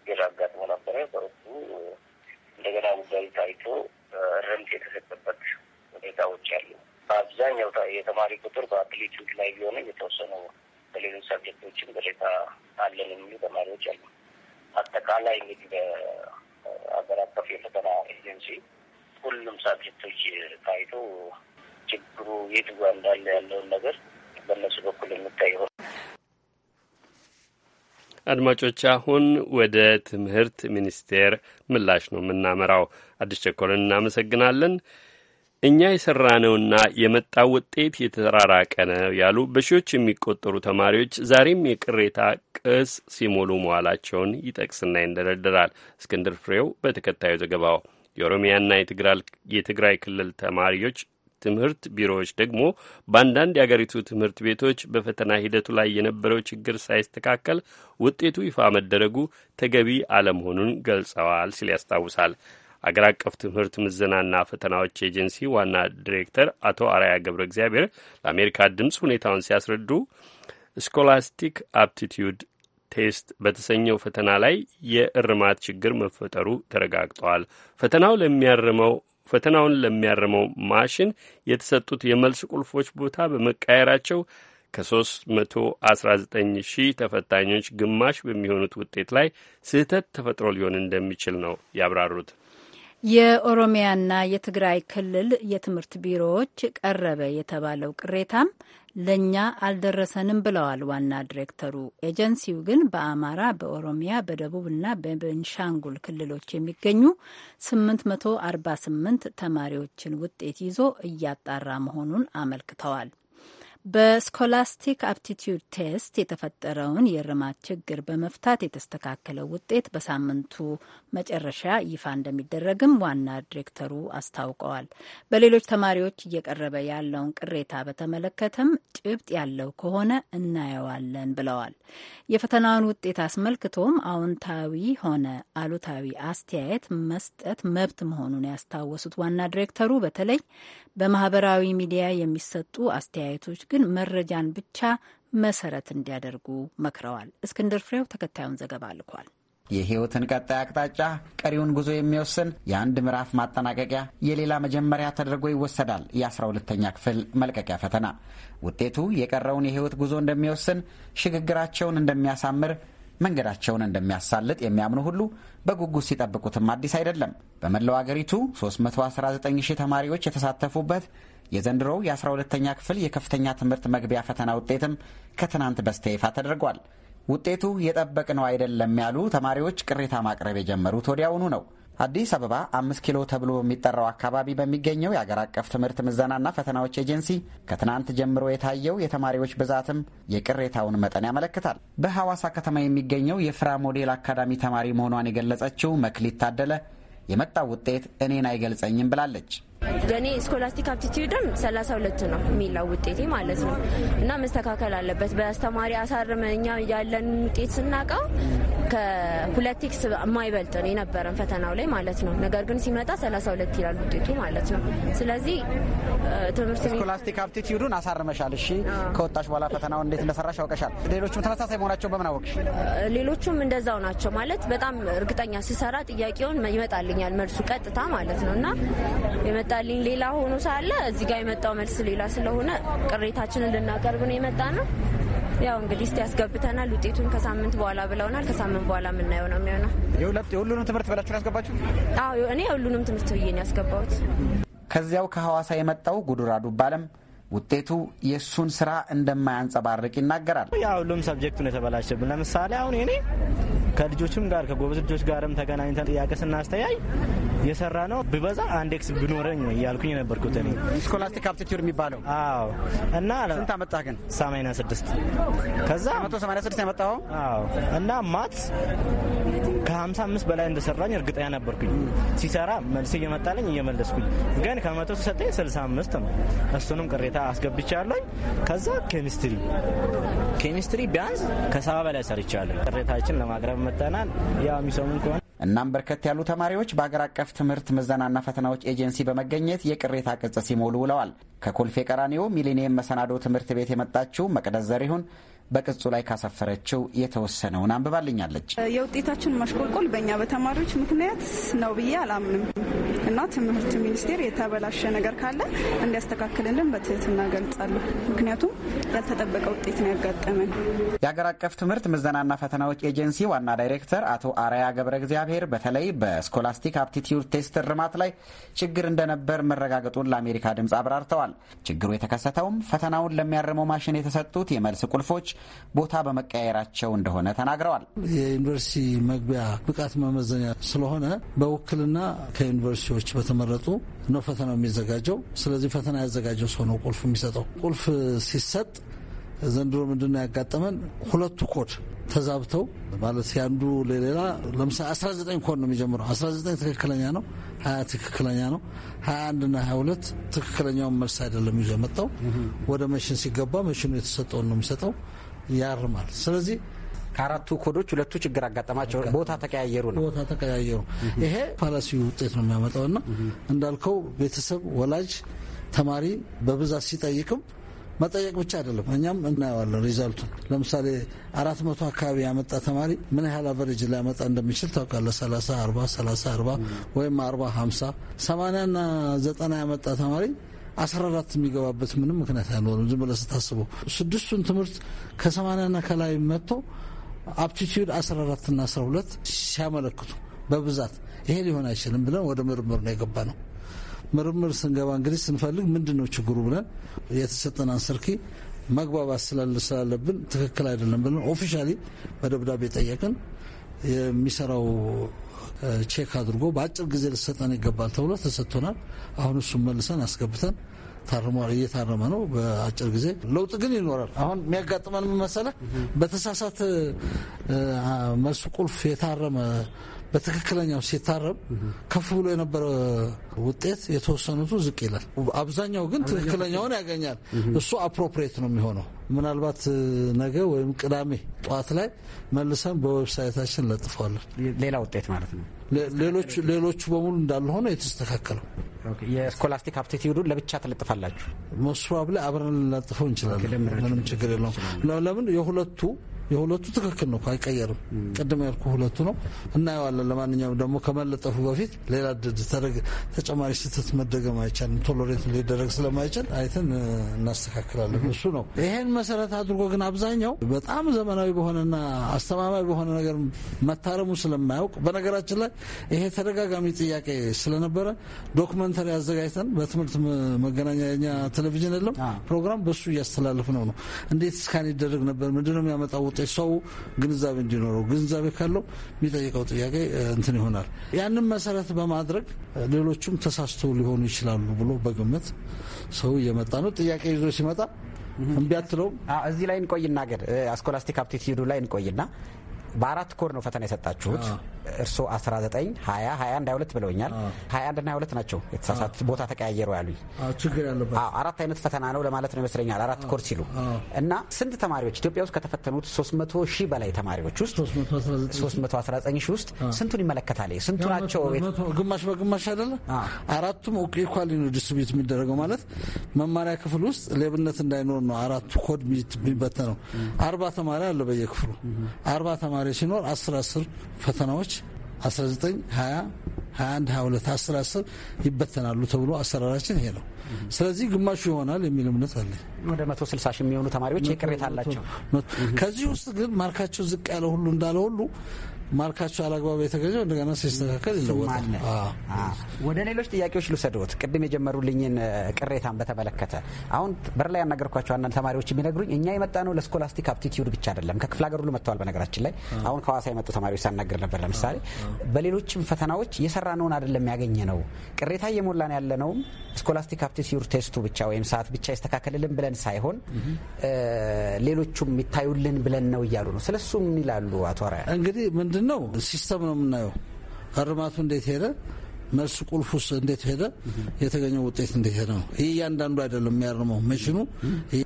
ችግር አጋጥሞ ነበረ። በእሱ እንደገና ጉዳዩ ታይቶ እርምት የተሰጠበት ሁኔታዎች አሉ። በአብዛኛው የተማሪ ቁጥር በአትሌቲክ ላይ ቢሆንም የተወሰኑ በሌሎች ሰብጀክቶችም በሬታ አለን የሚሉ ተማሪዎች አሉ። አጠቃላይ እንግዲህ በአገር አቀፍ የፈተና ኤጀንሲ ሁሉም ሳብጀክቶች ታይቶ ችግሩ የት ጋ እንዳለ ያለውን ነገር በእነሱ በኩል የሚታይ አድማጮች አሁን ወደ ትምህርት ሚኒስቴር ምላሽ ነው የምናመራው። አዲስ ቸኮልን እናመሰግናለን። እኛ የሰራነውና የመጣው ውጤት የተራራቀ ነው ያሉ በሺዎች የሚቆጠሩ ተማሪዎች ዛሬም የቅሬታ ቅስ ሲሞሉ መዋላቸውን ይጠቅስና ይንደረደራል። እስክንድር ፍሬው በተከታዩ ዘገባው የኦሮሚያና የትግራይ ክልል ተማሪዎች ትምህርት ቢሮዎች ደግሞ በአንዳንድ የአገሪቱ ትምህርት ቤቶች በፈተና ሂደቱ ላይ የነበረው ችግር ሳይስተካከል ውጤቱ ይፋ መደረጉ ተገቢ አለመሆኑን ገልጸዋል ሲል ያስታውሳል። አገር አቀፍ ትምህርት ምዘናና ፈተናዎች ኤጀንሲ ዋና ዲሬክተር አቶ አራያ ገብረ እግዚአብሔር ለአሜሪካ ድምፅ ሁኔታውን ሲያስረዱ ስኮላስቲክ አፕቲቲዩድ ቴስት በተሰኘው ፈተና ላይ የእርማት ችግር መፈጠሩ ተረጋግጧል። ፈተናው ለሚያርመው ፈተናውን ለሚያርመው ማሽን የተሰጡት የመልስ ቁልፎች ቦታ በመቃየራቸው ከ319 ሺህ ተፈታኞች ግማሽ በሚሆኑት ውጤት ላይ ስህተት ተፈጥሮ ሊሆን እንደሚችል ነው ያብራሩት። የኦሮሚያና የትግራይ ክልል የትምህርት ቢሮዎች ቀረበ የተባለው ቅሬታም ለእኛ አልደረሰንም ብለዋል ዋና ዲሬክተሩ። ኤጀንሲው ግን በአማራ፣ በኦሮሚያ፣ በደቡብና በቤንሻንጉል ክልሎች የሚገኙ 848 ተማሪዎችን ውጤት ይዞ እያጣራ መሆኑን አመልክተዋል። በስኮላስቲክ አፕቲቱድ ቴስት የተፈጠረውን የእርማት ችግር በመፍታት የተስተካከለው ውጤት በሳምንቱ መጨረሻ ይፋ እንደሚደረግም ዋና ዲሬክተሩ አስታውቀዋል። በሌሎች ተማሪዎች እየቀረበ ያለውን ቅሬታ በተመለከተም ጭብጥ ያለው ከሆነ እናየዋለን ብለዋል። የፈተናውን ውጤት አስመልክቶም አዎንታዊ ሆነ አሉታዊ አስተያየት መስጠት መብት መሆኑን ያስታወሱት ዋና ዲሬክተሩ በተለይ በማህበራዊ ሚዲያ የሚሰጡ አስተያየቶች ግን መረጃን ብቻ መሰረት እንዲያደርጉ መክረዋል። እስክንድር ፍሬው ተከታዩን ዘገባ ልኳል። የህይወትን ቀጣይ አቅጣጫ ቀሪውን ጉዞ የሚወስን የአንድ ምዕራፍ ማጠናቀቂያ የሌላ መጀመሪያ ተደርጎ ይወሰዳል። የአስራ ሁለተኛ ክፍል መልቀቂያ ፈተና ውጤቱ የቀረውን የህይወት ጉዞ እንደሚወስን፣ ሽግግራቸውን እንደሚያሳምር መንገዳቸውን እንደሚያሳልጥ የሚያምኑ ሁሉ በጉጉት ሲጠብቁትም አዲስ አይደለም። በመላው አገሪቱ 319 ሺህ ተማሪዎች የተሳተፉበት የዘንድሮው የ12ተኛ ክፍል የከፍተኛ ትምህርት መግቢያ ፈተና ውጤትም ከትናንት በስቲያ ይፋ ተደርጓል። ውጤቱ የጠበቅ ነው አይደለም ያሉ ተማሪዎች ቅሬታ ማቅረብ የጀመሩት ወዲያውኑ ነው። አዲስ አበባ አምስት ኪሎ ተብሎ በሚጠራው አካባቢ በሚገኘው የአገር አቀፍ ትምህርት ምዘናና ፈተናዎች ኤጀንሲ ከትናንት ጀምሮ የታየው የተማሪዎች ብዛትም የቅሬታውን መጠን ያመለክታል። በሐዋሳ ከተማ የሚገኘው የፍራ ሞዴል አካዳሚ ተማሪ መሆኗን የገለጸችው መክሊት ታደለ የመጣው ውጤት እኔን አይገልጸኝም ብላለች። የኔ ስኮላስቲክ አፕቲቲዩድም 32 ነው የሚለው ውጤቴ ማለት ነው። እና መስተካከል አለበት። በአስተማሪ አሳርመኛ ያለን ውጤት ስናውቀው ከሁለት ኤክስ የማይበልጥ ነው የነበረን ፈተናው ላይ ማለት ነው። ነገር ግን ሲመጣ ሰላሳ ሁለት ይላል ውጤቱ ማለት ነው። ስለዚህ ትምህርት ስኮላስቲክ አፕቲቲዩዱን አሳርመሻል። እሺ ከወጣሽ በኋላ ፈተናው እንዴት እንደሰራሽ አውቀሻል። ሌሎቹም ተመሳሳይ መሆናቸው በምን አወቅሽ? ሌሎቹም እንደዛው ናቸው ማለት በጣም እርግጠኛ ስሰራ ጥያቄውን ይመጣልኛል መልሱ ቀጥታ ማለት ነው እና የመጣልኝ ሌላ ሆኖ ሳለ እዚህ ጋር የመጣው መልስ ሌላ ስለሆነ ቅሬታችንን ልናቀርብ ነው የመጣ ነው ያው እንግዲህ እስቲ ያስገብተናል። ውጤቱን ከሳምንት በኋላ ብለውናል። ከሳምንት በኋላ የምናየው ነው የሚሆነው። የሁሉንም ትምህርት ብላችሁ ያስገባችሁ? አዎ እኔ የሁሉንም ትምህርት ብዬ ነው ያስገባሁት። ከዚያው ከሐዋሳ የመጣው ጉዱራ ዱባለም ውጤቱ የእሱን ስራ እንደማያንጸባርቅ ይናገራል። ያ ሁሉም ሰብጀክቱ ነው የተበላሸብን። ለምሳሌ አሁን እኔ ከልጆችም ጋር ከጎበዝ ልጆች ጋርም ተገናኝተን ጥያቄ ስናስተያይ የሰራ ነው። ብበዛ አንድ ኤክስ ብኖረኝ እያልኩኝ የነበርኩት እኔ ስኮላስቲክ አፕቲቱድ የሚባለው አዎ። እና ስንት አመጣ ግን? ሰማንያ ስድስት ከዛ መቶ ሰማንያ ስድስት ያመጣው አዎ። እና ማት ከሀምሳ አምስት በላይ እንደሰራኝ እርግጠኛ ነበርኩኝ። ሲሰራ መልስ እየመጣለኝ እየመለስኩኝ ግን ከመቶ ተሰጠኝ ስልሳ አምስት ነው። እሱንም ቅሬታ አስገብቻለኝ። ከዛ ኬሚስትሪ ኬሚስትሪ ቢያንስ ከሰባ በላይ ሰርቻለሁ። ቅሬታችን ለማቅረብ መጠናል ያው የሚሰሙን ከሆነ እናም በርከት ያሉ ተማሪዎች በአገር አቀፍ ትምህርት ምዘናና ፈተናዎች ኤጀንሲ በመገኘት የቅሬታ ቅጽ ሲሞሉ ውለዋል። ከኮልፌ ቀራኒዮ ሚሊኒየም መሰናዶ ትምህርት ቤት የመጣችው መቅደስ ዘሪሁን በቅጹ ላይ ካሰፈረችው የተወሰነውን አንብባልኛለች። የውጤታችን ማሽቆልቆል በእኛ በተማሪዎች ምክንያት ነው ብዬ አላምንም እና ትምህርት ሚኒስቴር የተበላሸ ነገር ካለ እንዲያስተካክልልን በትህትና ገልጻለሁ። ምክንያቱም ያልተጠበቀ ውጤት ነው ያጋጠመን። የሀገር አቀፍ ትምህርት ምዘናና ፈተናዎች ኤጀንሲ ዋና ዳይሬክተር አቶ አራያ ገብረ እግዚአብሔር በተለይ በስኮላስቲክ አፕቲቲዩድ ቴስት እርማት ላይ ችግር እንደነበር መረጋገጡን ለአሜሪካ ድምፅ አብራርተዋል። ችግሩ የተከሰተውም ፈተናውን ለሚያርመው ማሽን የተሰጡት የመልስ ቁልፎች ቦታ በመቀያየራቸው እንደሆነ ተናግረዋል። የዩኒቨርሲቲ መግቢያ ብቃት መመዘኛ ስለሆነ በውክልና ከዩኒቨርሲቲዎች በተመረጡ ነው ፈተናው የሚዘጋጀው። ስለዚህ ፈተና ያዘጋጀው ሰው ነው ቁልፍ የሚሰጠው። ቁልፍ ሲሰጥ ዘንድሮ ምንድነው ያጋጠመን? ሁለቱ ኮድ ተዛብተው ማለት ያንዱ ለሌላ ለምሳሌ 19 ኮድ ነው የሚጀምረው። 19 ትክክለኛ ነው፣ 20 ትክክለኛ ነው። 21 እና 22 ትክክለኛውን መልስ አይደለም ይዞ የመጣው ወደ መሽን ሲገባ መሽኑ የተሰጠውን ነው የሚሰጠው። ያርማል። ስለዚህ ከአራቱ ኮዶች ሁለቱ ችግር አጋጠማቸው፣ ቦታ ተቀያየሩ ነው ቦታ ተቀያየሩ። ይሄ ፓላሲ ውጤት ነው የሚያመጣው እና እንዳልከው ቤተሰብ፣ ወላጅ፣ ተማሪ በብዛት ሲጠይቅም መጠየቅ ብቻ አይደለም፣ እኛም እናየዋለን ሪዛልቱን። ለምሳሌ አራት መቶ አካባቢ ያመጣ ተማሪ ምን ያህል አቨሬጅ ሊያመጣ እንደሚችል ታውቃለህ? ሰላሳ አርባ ሰላሳ አርባ ወይም አርባ ሀምሳ ሰማንያና ዘጠና ያመጣ ተማሪ አስራ አራት የሚገባበት ምንም ምክንያት አይኖርም። ዝም ብለህ ስታስበው ስድስቱን ትምህርት ከሰማንያና ከላይ መጥቶ አፕቲቲዩድ አስራ አራትና አስራ ሁለት ሲያመለክቱ በብዛት ይሄ ሊሆን አይችልም ብለን ወደ ምርምር ነው የገባ ነው። ምርምር ስንገባ እንግዲህ ስንፈልግ ምንድን ነው ችግሩ ብለን የተሰጠን አንስርኪ መግባባት ስላለብን ትክክል አይደለም ብለን ኦፊሻሊ በደብዳቤ ጠየቅን። የሚሰራው ቼክ አድርጎ በአጭር ጊዜ ልሰጠን ይገባል ተብሎ ተሰጥቶናል። አሁን እሱም መልሰን አስገብተን ታርሟል፣ እየታረመ ነው። በአጭር ጊዜ ለውጥ ግን ይኖራል። አሁን የሚያጋጥመን መሰለህ በተሳሳተ መልሱ ቁልፍ የታረመ በትክክለኛው ሲታረም ከፍ ብሎ የነበረ ውጤት የተወሰኑቱ ዝቅ ይላል። አብዛኛው ግን ትክክለኛውን ያገኛል። እሱ አፕሮፕሬት ነው የሚሆነው። ምናልባት ነገ ወይም ቅዳሜ ጠዋት ላይ መልሰን በዌብሳይታችን እንለጥፈዋለን። ሌላ ውጤት ማለት ነው። ሌሎቹ በሙሉ እንዳልሆነ የተስተካከለው የስኮላስቲክ አፕቲቲዩዱን ለብቻ ትለጥፋላችሁ። ሞስራብ ላይ አብረን ልንለጥፈው እንችላለን። ምንም ችግር የለውም። ለምን የሁለቱ የሁለቱ ትክክል ነው፣ አይቀየርም። ቅድም ያልኩ ሁለቱ ነው፣ እናየዋለን። ለማንኛውም ደግሞ ከመለጠፉ በፊት ሌላ ተጨማሪ ስህተት መደገም አይቻልም፣ ቶሎሬት ሊደረግ ስለማይችል አይተን እናስተካክላለን። እሱ ነው። ይሄን መሰረት አድርጎ ግን አብዛኛው በጣም ዘመናዊ በሆነና አስተማማኝ በሆነ ነገር መታረሙ ስለማያውቅ፣ በነገራችን ላይ ይሄ ተደጋጋሚ ጥያቄ ስለነበረ ዶክመንተሪ አዘጋጅተን በትምህርት መገናኛኛ ቴሌቪዥን የለም ፕሮግራም በሱ እያስተላለፍ ነው ነው እንዴት እስካን ይደረግ ነበር ምንድነው የሚያመጣው ሰው ግንዛቤ እንዲኖረው ግንዛቤ ካለው የሚጠይቀው ጥያቄ እንትን ይሆናል። ያንም መሰረት በማድረግ ሌሎቹም ተሳስተው ሊሆኑ ይችላሉ ብሎ በግምት ሰው እየመጣ ነው። ጥያቄ ይዞ ሲመጣ እምቢ አትለውም። እዚህ ላይ እንቆይና ገር አስኮላስቲክ አፕቲቲዩዱ ላይ እንቆይና በአራት ኮር ነው ፈተና የሰጣችሁት። እርስዎ 19 20 21 22 ብለውኛል። 21 እና 22 ናቸው የተሳሳት ቦታ ተቀያየሩ ያሉኝ። አራት አይነት ፈተና ነው ለማለት ነው ይመስለኛል አራት ኮር ሲሉ እና ስንት ተማሪዎች ኢትዮጵያ ውስጥ ከተፈተኑት 300 ሺህ በላይ ተማሪዎች ውስጥ 319 ሺህ ውስጥ ስንቱን ይመለከታል? ስንቱ ናቸው ግማሽ በግማሽ አይደለ? አራቱም ኢኳሊ ነው ዲስትሪቢዩት የሚደረገው ማለት መማሪያ ክፍል ውስጥ ሌብነት እንዳይኖር ነው አራቱ ኮድ የሚበተነው። አርባ ተማሪ አለ በየክፍሉ አርባ ተማሪ ተማሪ ሲኖር 10 10 ፈተናዎች 19 20 21 22 10 10 ይበተናሉ ተብሎ አሰራራችን ይሄ ነው። ስለዚህ ግማሹ ይሆናል የሚል እምነት አለ። ወደ 160 ሺህ የሚሆኑ ተማሪዎች የቅሬታ አላቸው። ከዚህ ውስጥ ግን ማርካቸው ዝቅ ያለ ሁሉ እንዳለ ሁሉ ማርካቸው አላግባብ የተገዘው እንደገና ሲስተካከል ይለወጣል። ወደ ሌሎች ጥያቄዎች ልውሰድዎት። ቅድም የጀመሩልኝን ቅሬታን በተመለከተ አሁን በር ላይ ያናገርኳቸው አንዳንድ ተማሪዎች የሚነግሩኝ እኛ የመጣ ነው ለስኮላስቲክ አፕቲቲዩድ ብቻ አይደለም፣ ከክፍለ ሀገር ሁሉ መጥተዋል። በነገራችን ላይ አሁን ከዋሳ የመጡ ተማሪዎች ሳናገር ነበር። ለምሳሌ በሌሎችም ፈተናዎች የሰራ ነውን አይደለም ያገኘ ነው ቅሬታ እየሞላን ያለ ነውም ስኮላስቲክ አፕቲቲዩድ ቴስቱ ብቻ ወይም ሰዓት ብቻ ይስተካከልልን ብለን ሳይሆን ሌሎቹም ይታዩልን ብለን ነው እያሉ ነው። ስለሱ ምን ይላሉ አቶ አራያ? እንግዲህ ምንድን ምንድን ነው ሲስተም ነው የምናየው። እርማቱ እንዴት ሄደ፣ መልሱ ቁልፉስ እንዴት ሄደ፣ የተገኘው ውጤት እንዴት ሄደ ነው። ይህ እያንዳንዱ አይደለም የሚያርመው መሽኑ፣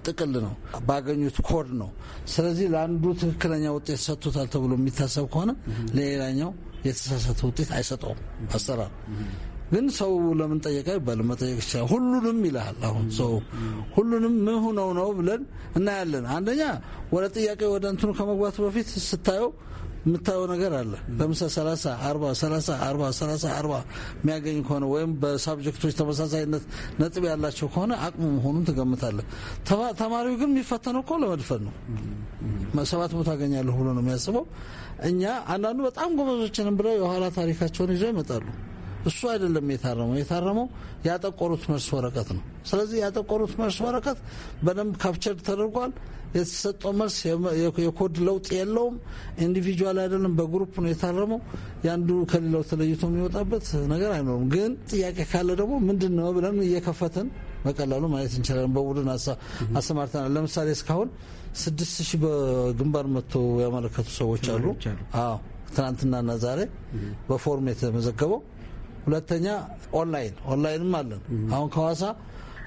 ጥቅል ነው፣ ባገኙት ኮድ ነው። ስለዚህ ለአንዱ ትክክለኛ ውጤት ሰጥቶታል ተብሎ የሚታሰብ ከሆነ ለሌላኛው የተሳሳተ ውጤት አይሰጠውም አሰራር ግን ሰው ለምን ጠየቀ ይባል መጠየቅ ይችላል። ሁሉንም ይልሃል። አሁን ሰው ሁሉንም ምን ሆነው ነው ብለን እናያለን። አንደኛ ወደ ጥያቄ ወደ እንትኑ ከመግባቱ በፊት ስታየው የምታየው ነገር አለ። በምሳ 30 40 30 40 30 40 የሚያገኝ ከሆነ ወይም በሳብጀክቶች ተመሳሳይነት ነጥብ ያላቸው ከሆነ አቅሙ መሆኑን ትገምታለህ። ተማሪው ግን የሚፈተነው እኮ ለመድፈን ነው። ሰባት ቦታ አገኛለሁ ብሎ ነው የሚያስበው። እኛ አንዳንዱ በጣም ጎበዞችንም ብለው የኋላ ታሪካቸውን ይዘው ይመጣሉ። እሱ አይደለም የታረመው። የታረመው ያጠቆሩት መልስ ወረቀት ነው። ስለዚህ ያጠቆሩት መልስ ወረቀት በደንብ ካፕቸር ተደርጓል። የተሰጠው መልስ የኮድ ለውጥ የለውም። ኢንዲቪጁዋል አይደለም፣ በግሩፕ ነው የታረመው። ያንዱ ከሌላው ተለይቶ የሚወጣበት ነገር አይኖርም። ግን ጥያቄ ካለ ደግሞ ምንድን ነው ብለን እየከፈትን በቀላሉ ማየት እንችላለን። በቡድን አሰማርተናል። ለምሳሌ እስካሁን ስድስት ሺህ በግንባር መጥቶ ያመለከቱ ሰዎች አሉ። አዎ ትናንትናና ዛሬ በፎርም የተመዘገበው ሁለተኛ ኦንላይን ኦንላይንም አለን። አሁን ከዋሳ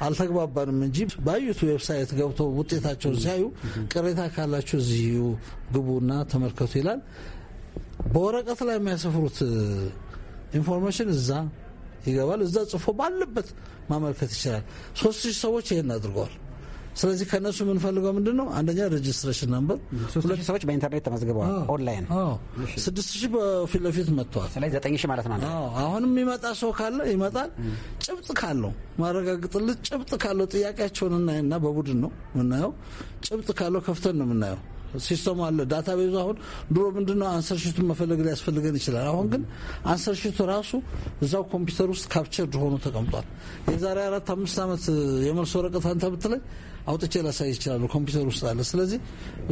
አልተግባባንም እንጂ ባዩት ዌብሳይት ገብተው ውጤታቸውን ሲያዩ ቅሬታ ካላቸው እዚሁ ግቡና ተመልከቱ ይላል። በወረቀት ላይ የሚያሰፍሩት ኢንፎርሜሽን እዛ ይገባል። እዛ ጽፎ ባለበት ማመልከት ይችላል። ሶስት ሺህ ሰዎች ይህን አድርገዋል። ስለዚህ ከእነሱ የምንፈልገው ምንድን ነው? አንደኛ ሬጅስትሬሽን ነምበር። ሁለት ሰዎች በኢንተርኔት ተመዝግበዋል። ኦንላይን ስድስት ሺህ በፊት ለፊት መጥተዋል። ስለዚህ ዘጠኝ ሺህ ማለት ነው። አሁንም የሚመጣ ሰው ካለ ይመጣል። ጭብጥ ካለው ማረጋግጥልህ፣ ጭብጥ ካለው ጥያቄያቸውን እናይና በቡድን ነው የምናየው። ጭብጥ ካለው ከፍተን ነው የምናየው። ሲስተሙ አለ። ዳታ ቤዙ አሁን ድሮ ምንድነው አንሰር ሽቱን መፈለግ ሊያስፈልገን ይችላል። አሁን ግን አንሰር ሽቱ ራሱ እዛው ኮምፒውተር ውስጥ ካፕቸርድ ሆኖ ተቀምጧል። የዛሬ አራት አምስት ዓመት የመልስ ወረቀት አንተ ብትለኝ አውጥቼ ላሳይ ይችላሉ። ኮምፒውተር ውስጥ አለ። ስለዚህ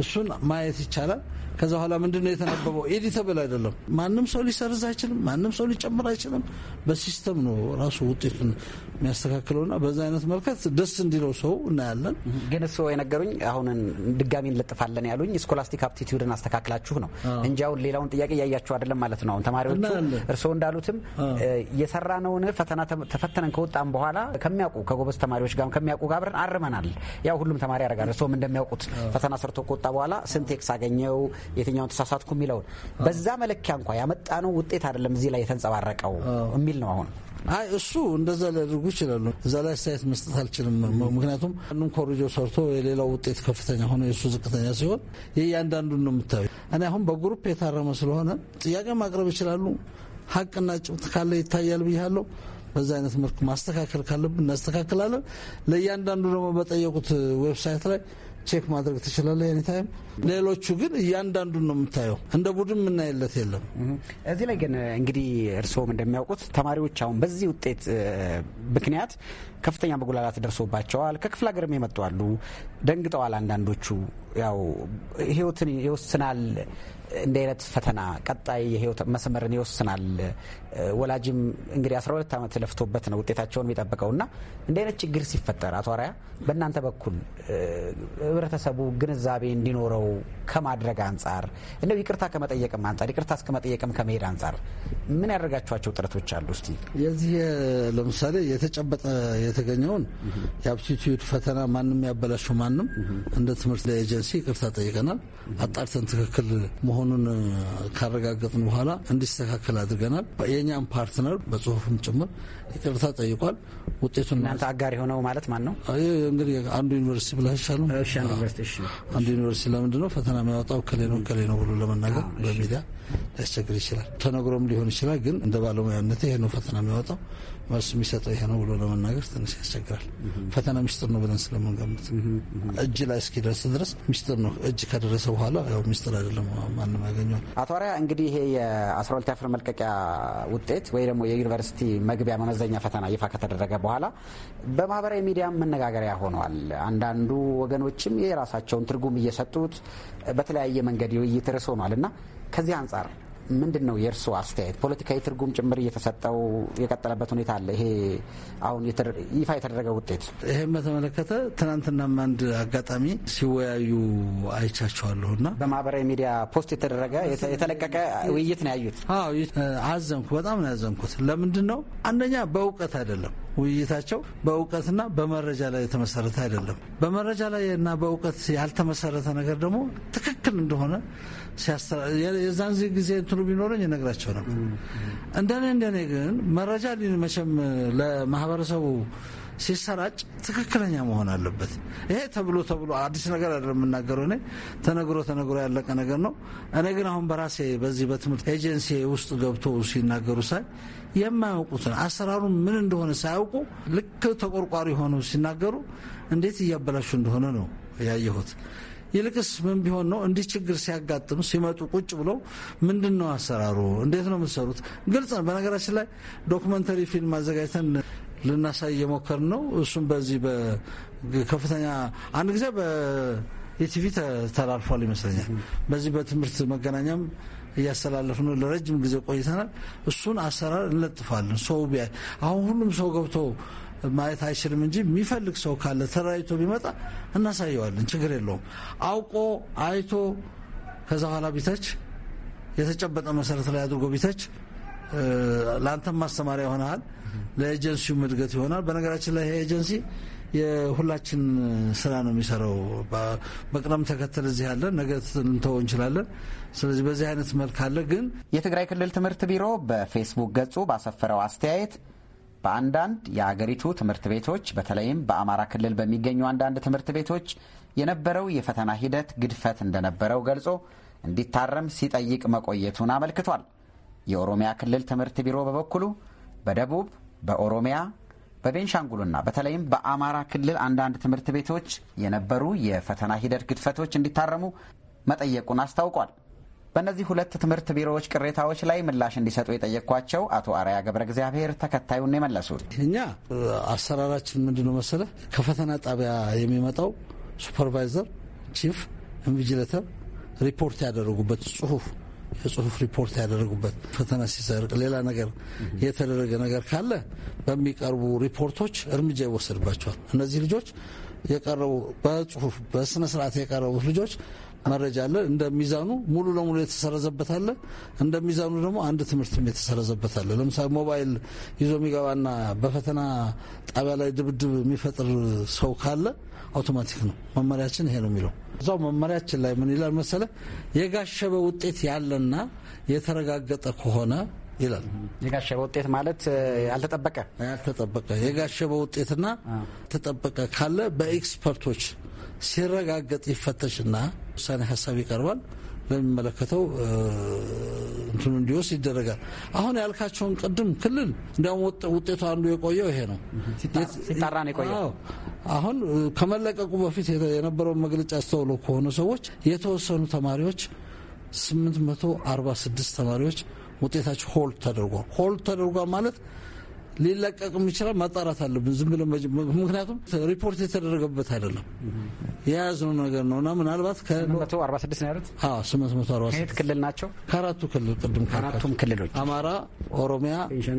እሱን ማየት ይቻላል። ከዛ በኋላ ምንድነው የተነበበው? ኤዲተብል አይደለም። ማንም ሰው ሊሰርዝ አይችልም። ማንም ሰው ሊጨምር አይችልም። በሲስተም ነው ራሱ ውጤቱን የሚያስተካክለውና በዛ አይነት መልከት ደስ እንዲለው ሰው እናያለን። ግን እሱ የነገሩኝ አሁንን ድጋሚ እንለጥፋለን ያሉኝ ስኮላስቲክ አፕቲቲዩድን አስተካክላችሁ ነው እንጂ አሁን ሌላውን ጥያቄ እያያችሁ አይደለም ማለት ነው። አሁን ተማሪዎቹ እርስዎ እንዳሉትም የሰራነውን ፈተና ተፈተነን ከወጣን በኋላ ከሚያውቁ ከጎበዝ ተማሪዎች ጋር ከሚያውቁ ጋር አብረን አርመናል። ያው ሁሉም ተማሪ ያደርጋል። እርስዎም እንደሚያውቁት ፈተና ሰርቶ ከወጣ በኋላ ስንት ኤክስ አገኘው፣ የትኛውን ተሳሳትኩ የሚለውን በዛ መለኪያ እንኳ ያመጣነው ውጤት አይደለም እዚህ ላይ የተንጸባረቀው የሚል ነው አሁን አይ እሱ እንደዛ ሊያደርጉ ይችላሉ። እዛ ላይ አስተያየት መስጠት አልችልም። ምክንያቱም አንዱን ኮርጆ ሰርቶ የሌላው ውጤት ከፍተኛ ሆነ የእሱ ዝቅተኛ ሲሆን የእያንዳንዱን ነው የምታዩ። እኔ አሁን በግሩፕ የታረመ ስለሆነ ጥያቄ ማቅረብ ይችላሉ። ሀቅና ጭብት ካለ ይታያል ብያለሁ። በዛ አይነት መልኩ ማስተካከል ካለብን እናስተካክላለን። ለእያንዳንዱ ደግሞ በጠየቁት ዌብሳይት ላይ ቼክ ማድረግ ትችላለህ ኤኒታይም ሌሎቹ ግን እያንዳንዱን ነው የምታየው። እንደ ቡድን የምናይለት የለም። እዚህ ላይ ግን እንግዲህ እርስዎም እንደሚያውቁት ተማሪዎች አሁን በዚህ ውጤት ምክንያት ከፍተኛ መጉላላት ደርሶባቸዋል። ከክፍለ ሀገርም የመጡ አሉ። ደንግጠዋል። አንዳንዶቹ ያው ህይወትን ይወስናል እንደ አይነት ፈተና ቀጣይ የህይወት መስመርን ይወስናል። ወላጅም እንግዲህ 12 ዓመት ለፍቶበት ነው ውጤታቸውን እና እንደ አይነት ችግር ሲፈጠር አቶ አርአያ በእናንተ በኩል ህብረተሰቡ ግንዛቤ እንዲኖረው ሰው ከማድረግ አንጻር እንደው ይቅርታ ከመጠየቅም አንጻር ይቅርታ እስከመጠየቅም ከመሄድ አንጻር ምን ያደረጋችኋቸው ጥረቶች አሉ? እስቲ የዚህ ለምሳሌ የተጨበጠ የተገኘውን የአፕቲቲዩድ ፈተና ማንም ያበላሹ ማንም እንደ ትምህርት ኤጀንሲ ይቅርታ ጠይቀናል። አጣርተን ትክክል መሆኑን ካረጋገጥን በኋላ እንዲስተካከል አድርገናል። የእኛም ፓርትነር በጽሁፍም ጭምር ይቅርታ ጠይቋል። ውጤቱን እናንተ አጋር የሆነው ማለት ማን ነው? እንግዲህ አንዱ ዩኒቨርሲቲ ብላ ይሻሉ አንዱ ዩኒቨርሲቲ ለምንድን ነው ፈተና የሚያወጣው ከሌ ነው ከሌ ነው ብሎ ለመናገር በሚዲያ ሊያስቸግር ይችላል። ተነግሮም ሊሆን ይችላል። ግን እንደ ባለሙያነት ይሄ ነው ፈተና የሚያወጣው መልስ የሚሰጠው ይሄ ነው ብሎ ለመናገር ትንሽ ያስቸግራል። ፈተና ሚስጥር ነው ብለን ስለምንገምት እጅ ላይ እስኪደርስ ድረስ ሚስጥር ነው። እጅ ከደረሰ በኋላ ያው ሚስጥር አይደለም፣ ማንም ያገኘዋል። አቶ አርያ እንግዲህ ይሄ የአስራ ሁለት መልቀቂያ ውጤት ወይ ደግሞ የዩኒቨርሲቲ መግቢያ መመዘኛ ፈተና ይፋ ከተደረገ በኋላ በማህበራዊ ሚዲያም መነጋገሪያ ሆኗል። አንዳንዱ ወገኖችም የራሳቸውን ትርጉም እየሰጡት በተለያየ መንገድ ውይይት ርዕስ ሆኗል እና ከዚህ አንጻር ምንድን ነው የእርስዎ አስተያየት? ፖለቲካዊ ትርጉም ጭምር እየተሰጠው የቀጠለበት ሁኔታ አለ። ይሄ አሁን ይፋ የተደረገ ውጤት ይህም በተመለከተ ትናንትናም አንድ አጋጣሚ ሲወያዩ አይቻቸዋለሁ እና በማህበራዊ ሚዲያ ፖስት የተደረገ የተለቀቀ ውይይት ነው ያዩት። አዘንኩ፣ በጣም ነው ያዘንኩት። ለምንድን ነው አንደኛ በእውቀት አይደለም ውይይታቸው በእውቀትና በመረጃ ላይ የተመሰረተ አይደለም። በመረጃ ላይ እና በእውቀት ያልተመሰረተ ነገር ደግሞ ትክክል እንደሆነ የዛን ጊዜ እንትኑ ቢኖረኝ እነግራቸው ነበር። እንደኔ እንደኔ ግን መረጃ መቼም ለማህበረሰቡ ሲሰራጭ ትክክለኛ መሆን አለበት። ይሄ ተብሎ ተብሎ አዲስ ነገር አይደለም የምናገረው። እኔ ተነግሮ ተነግሮ ያለቀ ነገር ነው። እኔ ግን አሁን በራሴ በዚህ በትምህርት ኤጀንሲ ውስጥ ገብቶ ሲናገሩ ሳይ የማያውቁትን አሰራሩ ምን እንደሆነ ሳያውቁ ልክ ተቆርቋሪ ሆኑ ሲናገሩ እንዴት እያበላሹ እንደሆነ ነው ያየሁት። ይልቅስ ምን ቢሆን ነው እንዲህ ችግር ሲያጋጥም ሲመጡ ቁጭ ብለው ምንድን ነው አሰራሩ፣ እንዴት ነው የምትሰሩት? ግልጽ ነው። በነገራችን ላይ ዶክመንተሪ ፊልም አዘጋጅተን ልናሳይ እየሞከርን ነው። እሱም በዚህ በከፍተኛ አንድ ጊዜ በኢቲቪ ተላልፏል ይመስለኛል። በዚህ በትምህርት መገናኛም እያስተላለፍ ነው። ለረጅም ጊዜ ቆይተናል። እሱን አሰራር እንለጥፋለን። ሰው ቢያ አሁን ሁሉም ሰው ገብቶ ማየት አይችልም እንጂ የሚፈልግ ሰው ካለ ተራይቶ ቢመጣ እናሳየዋለን። ችግር የለውም። አውቆ አይቶ ከዛ በኋላ ቢተች የተጨበጠ መሰረት ላይ አድርጎ ቢተች ለአንተም ማስተማሪያ ይሆናል። ለኤጀንሲው እድገት ይሆናል። በነገራችን ላይ ይሄ ኤጀንሲ የሁላችን ስራ ነው የሚሰራው። በቅደም ተከተል እዚህ ያለን ነገ ልንተወው እንችላለን። ስለዚህ በዚህ አይነት መልክ አለ። ግን የትግራይ ክልል ትምህርት ቢሮ በፌስቡክ ገጹ ባሰፈረው አስተያየት በአንዳንድ የአገሪቱ ትምህርት ቤቶች በተለይም በአማራ ክልል በሚገኙ አንዳንድ ትምህርት ቤቶች የነበረው የፈተና ሂደት ግድፈት እንደነበረው ገልጾ እንዲታረም ሲጠይቅ መቆየቱን አመልክቷል። የኦሮሚያ ክልል ትምህርት ቢሮ በበኩሉ በደቡብ በኦሮሚያ በቤንሻንጉልና በተለይም በአማራ ክልል አንዳንድ ትምህርት ቤቶች የነበሩ የፈተና ሂደት ግድፈቶች እንዲታረሙ መጠየቁን አስታውቋል። በእነዚህ ሁለት ትምህርት ቢሮዎች ቅሬታዎች ላይ ምላሽ እንዲሰጡ የጠየቅኳቸው አቶ አርያ ገብረ እግዚአብሔር ተከታዩን የመለሱት እኛ አሰራራችን ምንድነው መሰለ ከፈተና ጣቢያ የሚመጣው ሱፐርቫይዘር፣ ቺፍ ኢንቪጅሌተር ሪፖርት ያደረጉበት ጽሁፍ የጽሁፍ ሪፖርት ያደረጉበት ፈተና ሲሰርቅ ሌላ ነገር የተደረገ ነገር ካለ በሚቀርቡ ሪፖርቶች እርምጃ ይወሰድባቸዋል። እነዚህ ልጆች የቀረቡ በጽሁፍ በስነ ስርዓት የቀረቡት ልጆች መረጃ አለ። እንደ ሚዛኑ ሙሉ ለሙሉ የተሰረዘበት አለ። እንደ ሚዛኑ ደግሞ አንድ ትምህርትም የተሰረዘበት አለ። ለምሳሌ ሞባይል ይዞ የሚገባና በፈተና ጣቢያ ላይ ድብድብ የሚፈጥር ሰው ካለ አውቶማቲክ ነው። መመሪያችን ይሄ ነው የሚለው እዛው መመሪያችን ላይ ምን ይላል መሰለ የጋሸበ ውጤት ያለና የተረጋገጠ ከሆነ ይላል። የጋሸበ ውጤት ማለት ያልተጠበቀ ያልተጠበቀ የጋሸበ ውጤትና ተጠበቀ ካለ በኤክስፐርቶች ሲረጋገጥ ይፈተሽና ውሳኔ ሀሳብ ይቀርባል። በሚመለከተው እንትኑ እንዲወስድ ይደረጋል። አሁን ያልካቸውን ቅድም ክልል እንዲያውም ውጤቱ አንዱ የቆየው ይሄ ነው፣ ሲጣራ ነው የቆየው። አሁን ከመለቀቁ በፊት የነበረውን መግለጫ አስተውሎ ከሆኑ ሰዎች የተወሰኑ ተማሪዎች 846 ተማሪዎች ውጤታቸው ሆልድ ተደርጓል። ሆልድ ተደርጓል ማለት ሊለቀቅ የሚችላል ማጣራት አለብን። ዝም ብለ ምክንያቱም ሪፖርት የተደረገበት አይደለም የያዝነው ነገር ነው እና ምናልባት ክልል ናቸው? ከአራቱ ክልል ቅድም ከአራቱም ክልሎች አማራ፣ ኦሮሚያ፣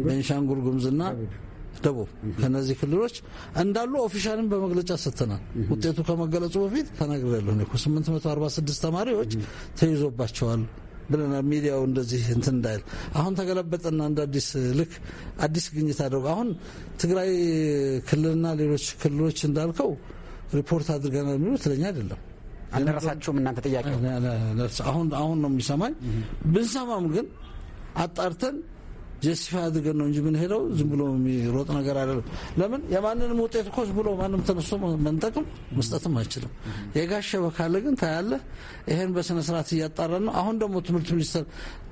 ቤንሻንጉል ጉምዝና ደቡብ ከነዚህ ክልሎች እንዳሉ ኦፊሻልን በመግለጫ ሰጥተናል። ውጤቱ ከመገለጹ በፊት ተናግሬያለሁ። 846 ተማሪዎች ተይዞባቸዋል። ብለናል። ሚዲያው እንደዚህ እንትን እንዳይል አሁን ተገለበጠና እንደ አዲስ ልክ አዲስ ግኝት አድርጎ አሁን ትግራይ ክልልና ሌሎች ክልሎች እንዳልከው ሪፖርት አድርገናል የሚሉት ለእኛ አይደለም። አልደረሳችሁም እናንተ ጥያቄ አሁን አሁን ነው የሚሰማኝ ብንሰማም ግን አጣርተን ጀስቲፋይ አድርገን ነው እንጂ ሄደው ዝም ብሎ የሚሮጥ ነገር አይደለም። ለምን የማንንም ውጤት ኮች ብሎ ማንም ተነስቶ መንጠቅም መስጠትም አይችልም። የጋሸበ ካለ ግን ታያለህ። ይሄን በስነስርዓት እያጣራን ነው። አሁን ደግሞ ትምህርት ሚኒስቴር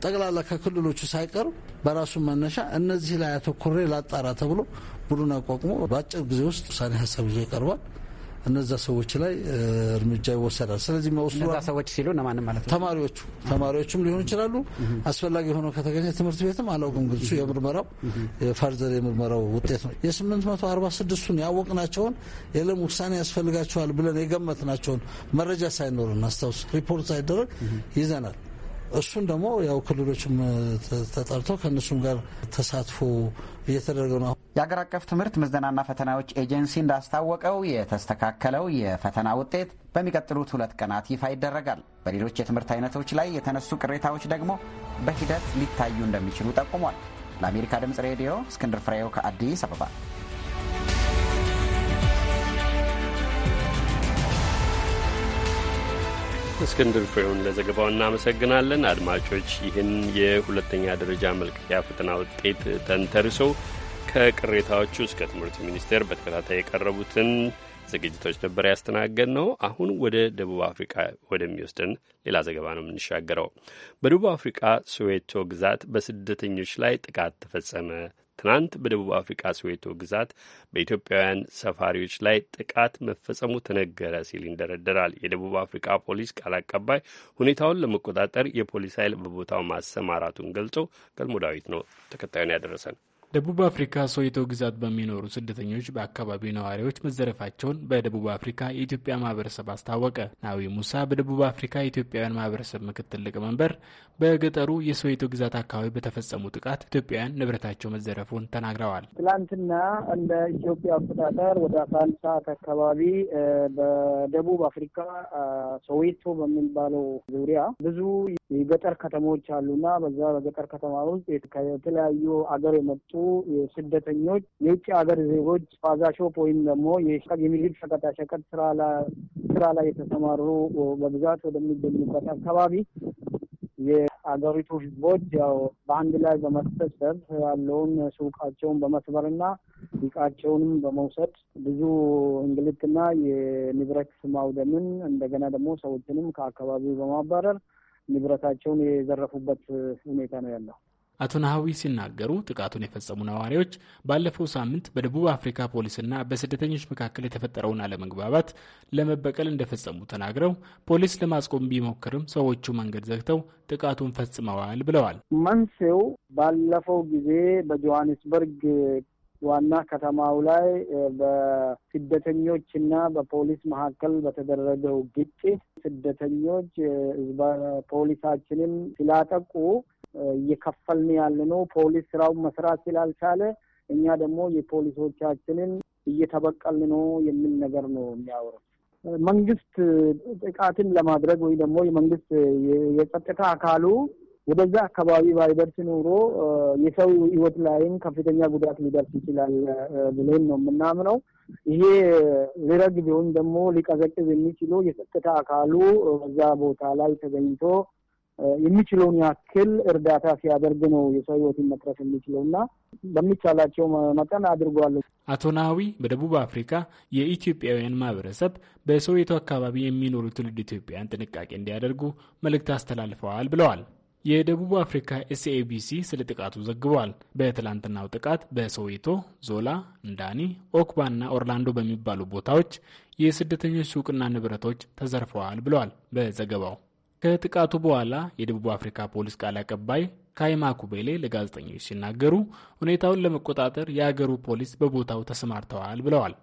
ጠቅላላ ከክልሎቹ ሳይቀሩ በራሱ መነሻ እነዚህ ላይ አተኩሬ ላጣራ ተብሎ ቡድን አቋቁሞ በአጭር ጊዜ ውስጥ ውሳኔ ሀሳብ ይዞ ይቀርባል። እነዛ ሰዎች ላይ እርምጃ ይወሰዳል። ስለዚህ መወስኑ ሰዎች ሲሉ እነማንም ማለት ነው ተማሪዎቹ ተማሪዎቹም ሊሆኑ ይችላሉ። አስፈላጊ ሆኖ ከተገኘ ትምህርት ቤትም አላውቅም፣ ግን እሱ የምርመራው የፋርዘር የምርመራው ውጤት ነው። 846 ያወቅ ያወቅናቸውን የለም ውሳኔ ያስፈልጋቸዋል ብለን የገመትናቸውን መረጃ ሳይኖርን አስታውስ ሪፖርት ሳይደረግ ይዘናል። እሱን ደግሞ ያው ክልሎችም ተጠርተው ከእነሱም ጋር ተሳትፎ እየተደረገ ነው። የአገር አቀፍ ትምህርት ምዘናና ፈተናዎች ኤጀንሲ እንዳስታወቀው የተስተካከለው የፈተና ውጤት በሚቀጥሉት ሁለት ቀናት ይፋ ይደረጋል። በሌሎች የትምህርት አይነቶች ላይ የተነሱ ቅሬታዎች ደግሞ በሂደት ሊታዩ እንደሚችሉ ጠቁሟል። ለአሜሪካ ድምፅ ሬዲዮ እስክንድር ፍሬው ከአዲስ አበባ እስክንድር ፍሬውን ለዘገባው እናመሰግናለን። አድማጮች ይህን የሁለተኛ ደረጃ መልቀቂያ ፈተና ውጤት ተንተርሶ ከቅሬታዎቹ እስከ ትምህርት ሚኒስቴር በተከታታይ የቀረቡትን ዝግጅቶች ነበር ያስተናገድ ነው። አሁን ወደ ደቡብ አፍሪቃ ወደሚወስድን ሌላ ዘገባ ነው የምንሻገረው። በደቡብ አፍሪቃ ሶዌቶ ግዛት በስደተኞች ላይ ጥቃት ተፈጸመ ትናንት በደቡብ አፍሪካ ስዌቶ ግዛት በኢትዮጵያውያን ሰፋሪዎች ላይ ጥቃት መፈጸሙ ተነገረ ሲል ይንደረደራል። የደቡብ አፍሪካ ፖሊስ ቃል አቀባይ ሁኔታውን ለመቆጣጠር የፖሊስ ኃይል በቦታው ማሰማራቱን ገልጾ ገልሞ ዳዊት ነው ተከታዩን ያደረሰን። ደቡብ አፍሪካ ሶዌቶ ግዛት በሚኖሩ ስደተኞች በአካባቢው ነዋሪዎች መዘረፋቸውን በደቡብ አፍሪካ የኢትዮጵያ ማህበረሰብ አስታወቀ። ናዊ ሙሳ በደቡብ አፍሪካ የኢትዮጵያውያን ማህበረሰብ ምክትል ሊቀመንበር በገጠሩ የሶዌቶ ግዛት አካባቢ በተፈጸሙ ጥቃት ኢትዮጵያውያን ንብረታቸው መዘረፉን ተናግረዋል። ትላንትና እንደ ኢትዮጵያ አቆጣጠር ወደ አስራ አንድ ሰዓት አካባቢ በደቡብ አፍሪካ ሶዌቶ በሚባለው ዙሪያ ብዙ የገጠር ከተሞች አሉና በዛ በገጠር ከተማ ውስጥ ከተለያዩ አገር የመጡ ስደተኞች፣ የውጭ ሀገር ዜጎች ፋዛ ሾፕ ወይም ደግሞ የምግብ ሸቀጣሸቀጥ ስራ ላይ የተሰማሩ በብዛት ወደሚገኙበት አካባቢ የአገሪቱ ህዝቦች ያው በአንድ ላይ በመሰብሰብ ያለውን ሱቃቸውን በመስበርና እቃቸውንም በመውሰድ ብዙ እንግልትና የንብረት ማውደምን እንደገና ደግሞ ሰዎችንም ከአካባቢው በማባረር ንብረታቸውን የዘረፉበት ሁኔታ ነው ያለው። አቶ ናሀዊ ሲናገሩ ጥቃቱን የፈጸሙ ነዋሪዎች ባለፈው ሳምንት በደቡብ አፍሪካ ፖሊስና በስደተኞች መካከል የተፈጠረውን አለመግባባት ለመበቀል እንደፈጸሙ ተናግረው ፖሊስ ለማስቆም ቢሞክርም ሰዎቹ መንገድ ዘግተው ጥቃቱን ፈጽመዋል ብለዋል። መንስኤው ባለፈው ጊዜ በጆሃንስበርግ ዋና ከተማው ላይ በስደተኞችና በፖሊስ መካከል በተደረገው ግጭት ስደተኞች ፖሊሳችንን ስላጠቁ እየከፈልን ያለ ነው። ፖሊስ ስራውን መስራት ስላልቻለ እኛ ደግሞ የፖሊሶቻችንን እየተበቀልን ነው የሚል ነገር ነው የሚያወሩት። መንግስት ጥቃትን ለማድረግ ወይ ደግሞ የመንግስት የጸጥታ አካሉ ወደዛ አካባቢ ባይደርስ ኑሮ የሰው ህይወት ላይም ከፍተኛ ጉዳት ሊደርስ ይችላል ብለን ነው የምናምነው። ይሄ ሊረግብ ቢሆን ደግሞ ሊቀዘቅዝ የሚችለው የጸጥታ አካሉ በዛ ቦታ ላይ ተገኝቶ የሚችለውን ያክል እርዳታ ሲያደርግ ነው የሰው ህይወትን መትረፍ የሚችለውና በሚቻላቸው መጠን አድርጓል። አቶ ናሀዊ በደቡብ አፍሪካ የኢትዮጵያውያን ማህበረሰብ በሶዌቶ አካባቢ የሚኖሩ ትውልድ ኢትዮጵያውያን ጥንቃቄ እንዲያደርጉ መልእክት አስተላልፈዋል ብለዋል። የደቡብ አፍሪካ ኤስኤቢሲ ስለ ጥቃቱ ዘግቧል። በትላንትናው ጥቃት በሶዌቶ፣ ዞላ፣ እንዳኒ፣ እና ኦርላንዶ በሚባሉ ቦታዎች የስደተኞች ሱቅና ንብረቶች ተዘርፈዋል ብለዋል በዘገባው። ከጥቃቱ በኋላ የደቡብ አፍሪካ ፖሊስ ቃል አቀባይ ካይማ ኩቤሌ ለጋዜጠኞች ሲናገሩ ሁኔታውን ለመቆጣጠር የአገሩ ፖሊስ በቦታው ተሰማርተዋል ብለዋል።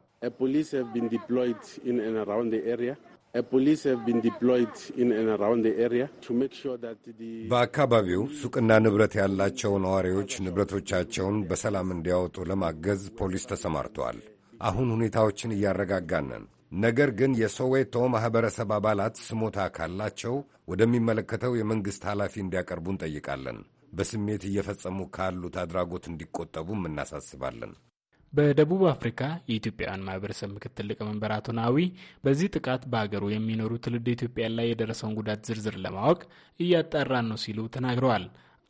በአካባቢው ሱቅና ንብረት ያላቸው ነዋሪዎች ንብረቶቻቸውን በሰላም እንዲያወጡ ለማገዝ ፖሊስ ተሰማርተዋል። አሁን ሁኔታዎችን እያረጋጋን ነገር ግን የሶዌቶ ማኅበረሰብ አባላት ስሞታ ካላቸው ወደሚመለከተው የመንግሥት ኃላፊ እንዲያቀርቡ እንጠይቃለን። በስሜት እየፈጸሙ ካሉት አድራጎት እንዲቆጠቡም እናሳስባለን። በደቡብ አፍሪካ የኢትዮጵያውያን ማህበረሰብ ምክትል ሊቀመንበር አቶ ናዊ በዚህ ጥቃት በሀገሩ የሚኖሩ ትውልድ ኢትዮጵያን ላይ የደረሰውን ጉዳት ዝርዝር ለማወቅ እያጣራን ነው ሲሉ ተናግረዋል።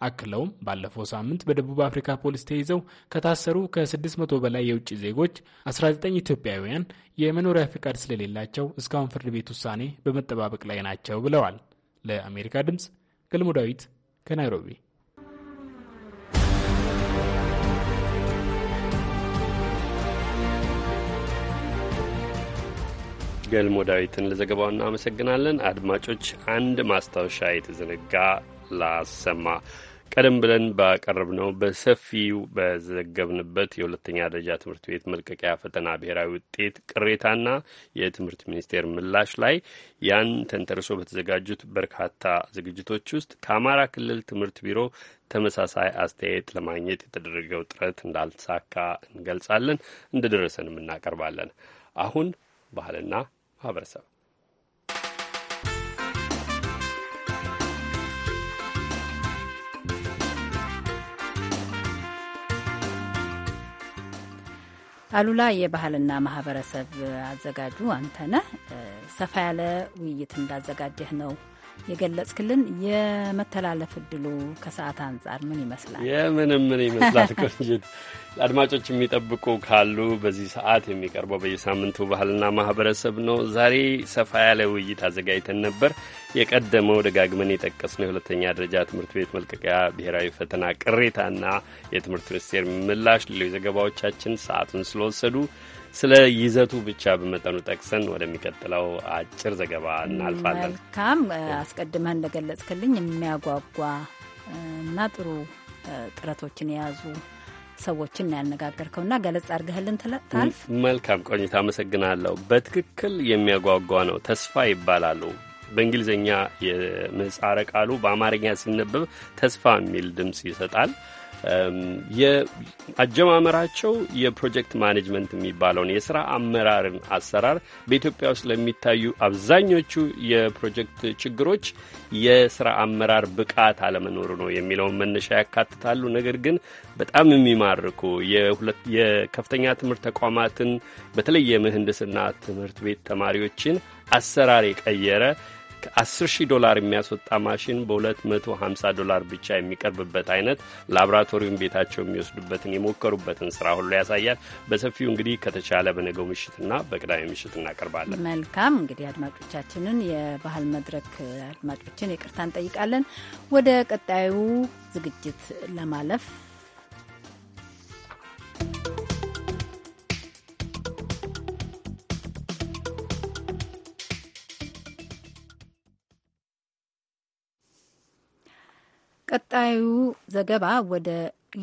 አክለውም ባለፈው ሳምንት በደቡብ አፍሪካ ፖሊስ ተይዘው ከታሰሩ ከ600 በላይ የውጭ ዜጎች 19 ኢትዮጵያውያን የመኖሪያ ፍቃድ ስለሌላቸው እስካሁን ፍርድ ቤት ውሳኔ በመጠባበቅ ላይ ናቸው ብለዋል። ለአሜሪካ ድምፅ ገልሞ ዳዊት ከናይሮቢ ገልሞ ዳዊትን ለዘገባው እናመሰግናለን። አድማጮች፣ አንድ ማስታወሻ የተዘነጋ ላሰማ። ቀደም ብለን ባቀረብነው በሰፊው በዘገብንበት የሁለተኛ ደረጃ ትምህርት ቤት መልቀቂያ ፈተና ብሔራዊ ውጤት ቅሬታና የትምህርት ሚኒስቴር ምላሽ ላይ ያን ተንተርሶ በተዘጋጁት በርካታ ዝግጅቶች ውስጥ ከአማራ ክልል ትምህርት ቢሮ ተመሳሳይ አስተያየት ለማግኘት የተደረገው ጥረት እንዳልተሳካ እንገልጻለን። እንደደረሰንም እናቀርባለን። አሁን ባህልና ማህበረሰብ አሉላ የባህልና ማህበረሰብ አዘጋጁ አንተነህ ሰፋ ያለ ውይይት እንዳዘጋጀህ ነው የገለጽክልን የመተላለፍ እድሉ ከሰዓት አንጻር ምን ይመስላል? የምንም ምን ይመስላል ቆንጅት። አድማጮች የሚጠብቁ ካሉ በዚህ ሰዓት የሚቀርበው በየሳምንቱ ባህልና ማህበረሰብ ነው። ዛሬ ሰፋ ያለ ውይይት አዘጋጅተን ነበር። የቀደመው ደጋግመን የጠቀስነው የሁለተኛ ደረጃ ትምህርት ቤት መልቀቂያ ብሔራዊ ፈተና ቅሬታና የትምህርት ሚኒስቴር ምላሽ፣ ሌሎች ዘገባዎቻችን ሰዓቱን ስለወሰዱ ስለ ይዘቱ ብቻ በመጠኑ ጠቅሰን ወደሚቀጥለው አጭር ዘገባ እናልፋለን። መልካም። አስቀድመህ እንደገለጽክልኝ የሚያጓጓ እና ጥሩ ጥረቶችን የያዙ ሰዎችን ያነጋገርከው እና ገለጽ አድርገህልን ታልፍ። መልካም ቆይታ፣ አመሰግናለሁ። በትክክል የሚያጓጓ ነው። ተስፋ ይባላሉ በእንግሊዝኛ የምህጻረ ቃሉ በአማርኛ ሲነበብ ተስፋ የሚል ድምፅ ይሰጣል። አጀማመራቸው የፕሮጀክት ማኔጅመንት የሚባለውን የስራ አመራርን አሰራር በኢትዮጵያ ውስጥ ለሚታዩ አብዛኞቹ የፕሮጀክት ችግሮች የስራ አመራር ብቃት አለመኖሩ ነው የሚለውን መነሻ ያካትታሉ። ነገር ግን በጣም የሚማርኩ የከፍተኛ ትምህርት ተቋማትን በተለይ የምህንድስና ትምህርት ቤት ተማሪዎችን አሰራር የቀየረ ከ10 ሺህ ዶላር የሚያስወጣ ማሽን በ250 ዶላር ብቻ የሚቀርብበት አይነት ላብራቶሪውን ቤታቸው የሚወስዱበትን የሞከሩበትን ስራ ሁሉ ያሳያል። በሰፊው እንግዲህ ከተቻለ በነገው ምሽትና በቅዳሜ ምሽት እናቀርባለን። መልካም እንግዲህ አድማጮቻችንን የባህል መድረክ አድማጮችን ይቅርታ እንጠይቃለን። ወደ ቀጣዩ ዝግጅት ለማለፍ ቀጣዩ ዘገባ ወደ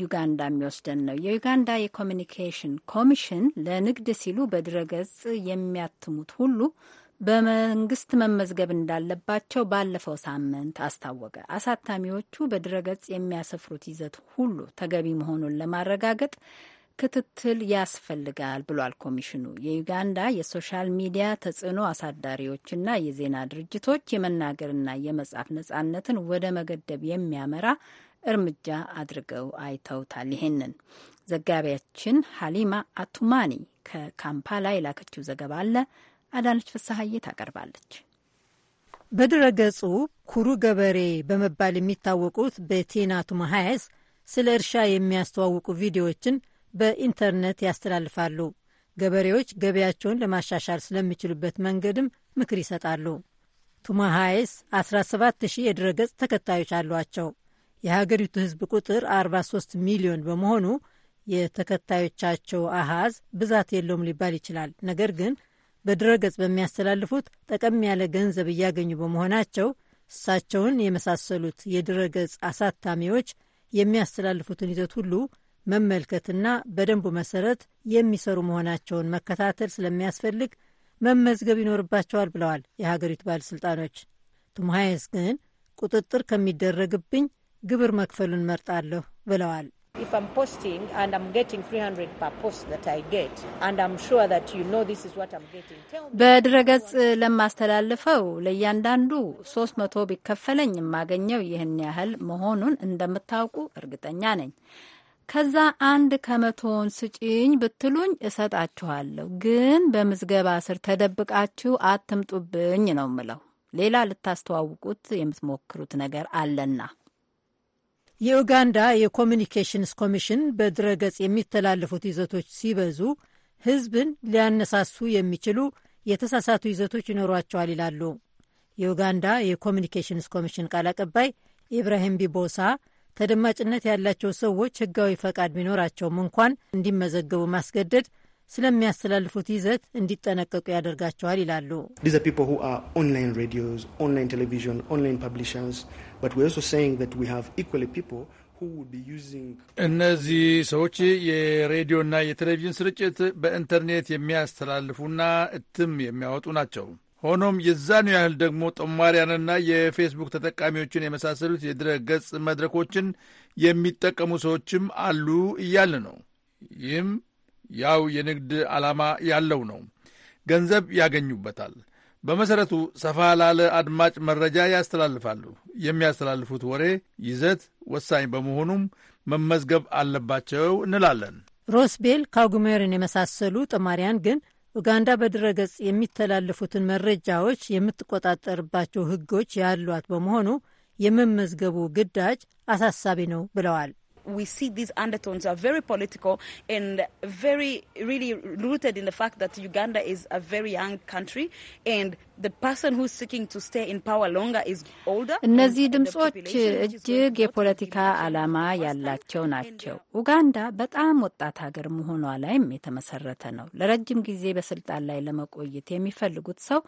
ዩጋንዳ የሚወስደን ነው። የዩጋንዳ የኮሚኒኬሽን ኮሚሽን ለንግድ ሲሉ በድረገጽ የሚያትሙት ሁሉ በመንግስት መመዝገብ እንዳለባቸው ባለፈው ሳምንት አስታወቀ። አሳታሚዎቹ በድረገጽ የሚያሰፍሩት ይዘት ሁሉ ተገቢ መሆኑን ለማረጋገጥ ክትትል ያስፈልጋል ብሏል ኮሚሽኑ። የዩጋንዳ የሶሻል ሚዲያ ተጽዕኖ አሳዳሪዎችና የዜና ድርጅቶች የመናገርና የመጻፍ ነጻነትን ወደ መገደብ የሚያመራ እርምጃ አድርገው አይተውታል። ይሄንን ዘጋቢያችን ሀሊማ አቱማኒ ከካምፓላ የላከችው ዘገባ አለ። አዳነች ፍስሀዬ ታቀርባለች። በድረ ገጹ ኩሩ ገበሬ በመባል የሚታወቁት በቴናቱ ቱማሃያስ ስለ እርሻ የሚያስተዋውቁ ቪዲዮዎችን በኢንተርኔት ያስተላልፋሉ። ገበሬዎች ገበያቸውን ለማሻሻል ስለሚችሉበት መንገድም ምክር ይሰጣሉ። ቱማሃይስ 17ሺህ 17000 የድረገጽ ተከታዮች አሏቸው። የሀገሪቱ ሕዝብ ቁጥር 43 ሚሊዮን በመሆኑ የተከታዮቻቸው አሃዝ ብዛት የለውም ሊባል ይችላል። ነገር ግን በድረገጽ በሚያስተላልፉት ጠቀም ያለ ገንዘብ እያገኙ በመሆናቸው እሳቸውን የመሳሰሉት የድረገጽ አሳታሚዎች የሚያስተላልፉትን ይዘት ሁሉ መመልከትና በደንቡ መሰረት የሚሰሩ መሆናቸውን መከታተል ስለሚያስፈልግ መመዝገብ ይኖርባቸዋል ብለዋል የሀገሪቱ ባለሥልጣኖች። ቱምሃየስ ግን ቁጥጥር ከሚደረግብኝ ግብር መክፈሉን መርጣለሁ ብለዋል። በድረገጽ ለማስተላልፈው ለእያንዳንዱ 300 ቢከፈለኝ የማገኘው ይህን ያህል መሆኑን እንደምታውቁ እርግጠኛ ነኝ። ከዛ አንድ ከመቶውን ስጪኝ ብትሉኝ እሰጣችኋለሁ፣ ግን በምዝገባ ስር ተደብቃችሁ አትምጡብኝ ነው ምለው። ሌላ ልታስተዋውቁት የምትሞክሩት ነገር አለና። የኡጋንዳ የኮሚኒኬሽንስ ኮሚሽን በድረገጽ የሚተላለፉት ይዘቶች ሲበዙ ህዝብን ሊያነሳሱ የሚችሉ የተሳሳቱ ይዘቶች ይኖሯቸዋል ይላሉ የኡጋንዳ የኮሚኒኬሽንስ ኮሚሽን ቃል አቀባይ ኢብራሂም ቢቦሳ ተደማጭነት ያላቸው ሰዎች ህጋዊ ፈቃድ ቢኖራቸውም እንኳን እንዲመዘገቡ ማስገደድ ስለሚያስተላልፉት ይዘት እንዲጠነቀቁ ያደርጋቸዋል ይላሉ። እነዚህ ሰዎች የሬዲዮና የቴሌቪዥን ስርጭት በኢንተርኔት የሚያስተላልፉና እትም የሚያወጡ ናቸው። ሆኖም የዛኑ ያህል ደግሞ ጦማሪያንና የፌስቡክ ተጠቃሚዎችን የመሳሰሉት የድረ ገጽ መድረኮችን የሚጠቀሙ ሰዎችም አሉ እያለ ነው። ይህም ያው የንግድ ዓላማ ያለው ነው። ገንዘብ ያገኙበታል። በመሠረቱ ሰፋ ላለ አድማጭ መረጃ ያስተላልፋሉ። የሚያስተላልፉት ወሬ ይዘት ወሳኝ በመሆኑም መመዝገብ አለባቸው እንላለን። ሮስቤል ካጉሜርን የመሳሰሉ ጦማሪያን ግን ኡጋንዳ በድረገጽ የሚተላለፉትን መረጃዎች የምትቆጣጠርባቸው ህጎች ያሏት በመሆኑ የመመዝገቡ ግዳጅ አሳሳቢ ነው ብለዋል። we see these undertones are very political and very really rooted in the fact that Uganda is a very young country and the person who's seeking to stay in power longer is older. እነዚህ ድምጾች እጅግ የፖለቲካ ዓላማ ያላቸው ናቸው። ኡጋንዳ በጣም ወጣት ሀገር መሆኗ ላይም የተመሰረተ ነው። ለረጅም ጊዜ በስልጣን ላይ ለመቆየት የሚፈልጉት ሰው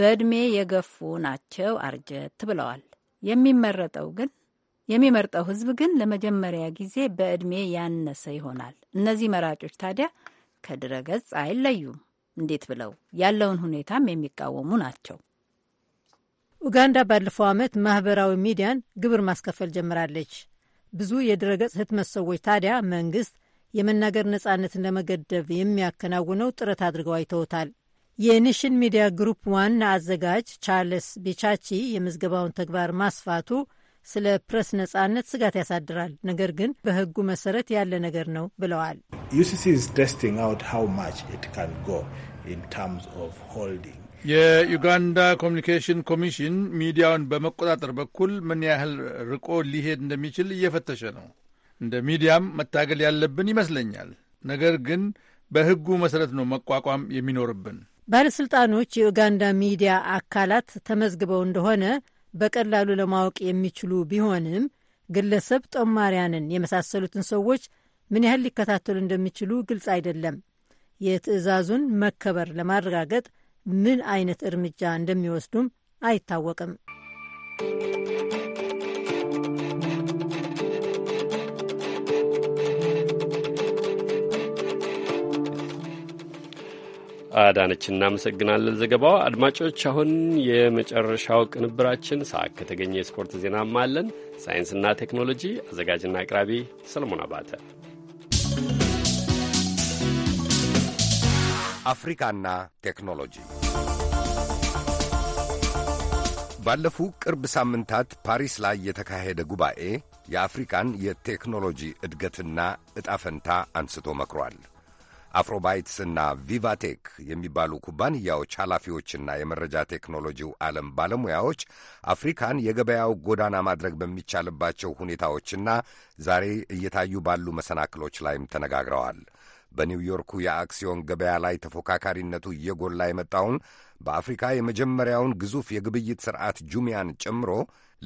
በእድሜ የገፉ ናቸው፣ አርጀት ብለዋል። የሚመረጠው ግን የሚመርጠው ህዝብ ግን ለመጀመሪያ ጊዜ በዕድሜ ያነሰ ይሆናል። እነዚህ መራጮች ታዲያ ከድረገጽ አይለዩም። እንዴት ብለው ያለውን ሁኔታም የሚቃወሙ ናቸው። ኡጋንዳ ባለፈው ዓመት ማኅበራዊ ሚዲያን ግብር ማስከፈል ጀምራለች። ብዙ የድረገጽ ህትመት ሰዎች ታዲያ መንግሥት የመናገር ነጻነትን ለመገደብ የሚያከናውነው ጥረት አድርገው አይተውታል። የኔሽን ሚዲያ ግሩፕ ዋና አዘጋጅ ቻርልስ ቢቻቺ የምዝገባውን ተግባር ማስፋቱ ስለ ፕረስ ነጻነት ስጋት ያሳድራል፣ ነገር ግን በህጉ መሰረት ያለ ነገር ነው ብለዋል። የዩጋንዳ ኮሚኒኬሽን ኮሚሽን ሚዲያውን በመቆጣጠር በኩል ምን ያህል ርቆ ሊሄድ እንደሚችል እየፈተሸ ነው። እንደ ሚዲያም መታገል ያለብን ይመስለኛል። ነገር ግን በህጉ መሰረት ነው መቋቋም የሚኖርብን። ባለሥልጣኖች የኡጋንዳ ሚዲያ አካላት ተመዝግበው እንደሆነ በቀላሉ ለማወቅ የሚችሉ ቢሆንም ግለሰብ ጦማሪያንን የመሳሰሉትን ሰዎች ምን ያህል ሊከታተሉ እንደሚችሉ ግልጽ አይደለም። የትዕዛዙን መከበር ለማረጋገጥ ምን አይነት እርምጃ እንደሚወስዱም አይታወቅም። አዳነች እናመሰግናለን ዘገባው አድማጮች አሁን የመጨረሻው ቅንብራችን ሰዓት ከተገኘ የስፖርት ዜናም አለን። ሳይንስና ቴክኖሎጂ አዘጋጅና አቅራቢ ሰለሞን አባተ። አፍሪካና ቴክኖሎጂ ባለፉ ቅርብ ሳምንታት ፓሪስ ላይ የተካሄደ ጉባኤ የአፍሪካን የቴክኖሎጂ እድገትና ዕጣ ፈንታ አንስቶ መክሯል። አፍሮባይትስና ቪቫቴክ የሚባሉ ኩባንያዎች ኃላፊዎችና የመረጃ ቴክኖሎጂው ዓለም ባለሙያዎች አፍሪካን የገበያው ጎዳና ማድረግ በሚቻልባቸው ሁኔታዎችና ዛሬ እየታዩ ባሉ መሰናክሎች ላይም ተነጋግረዋል። በኒውዮርኩ የአክሲዮን ገበያ ላይ ተፎካካሪነቱ እየጎላ የመጣውን በአፍሪካ የመጀመሪያውን ግዙፍ የግብይት ሥርዓት ጁሚያን ጨምሮ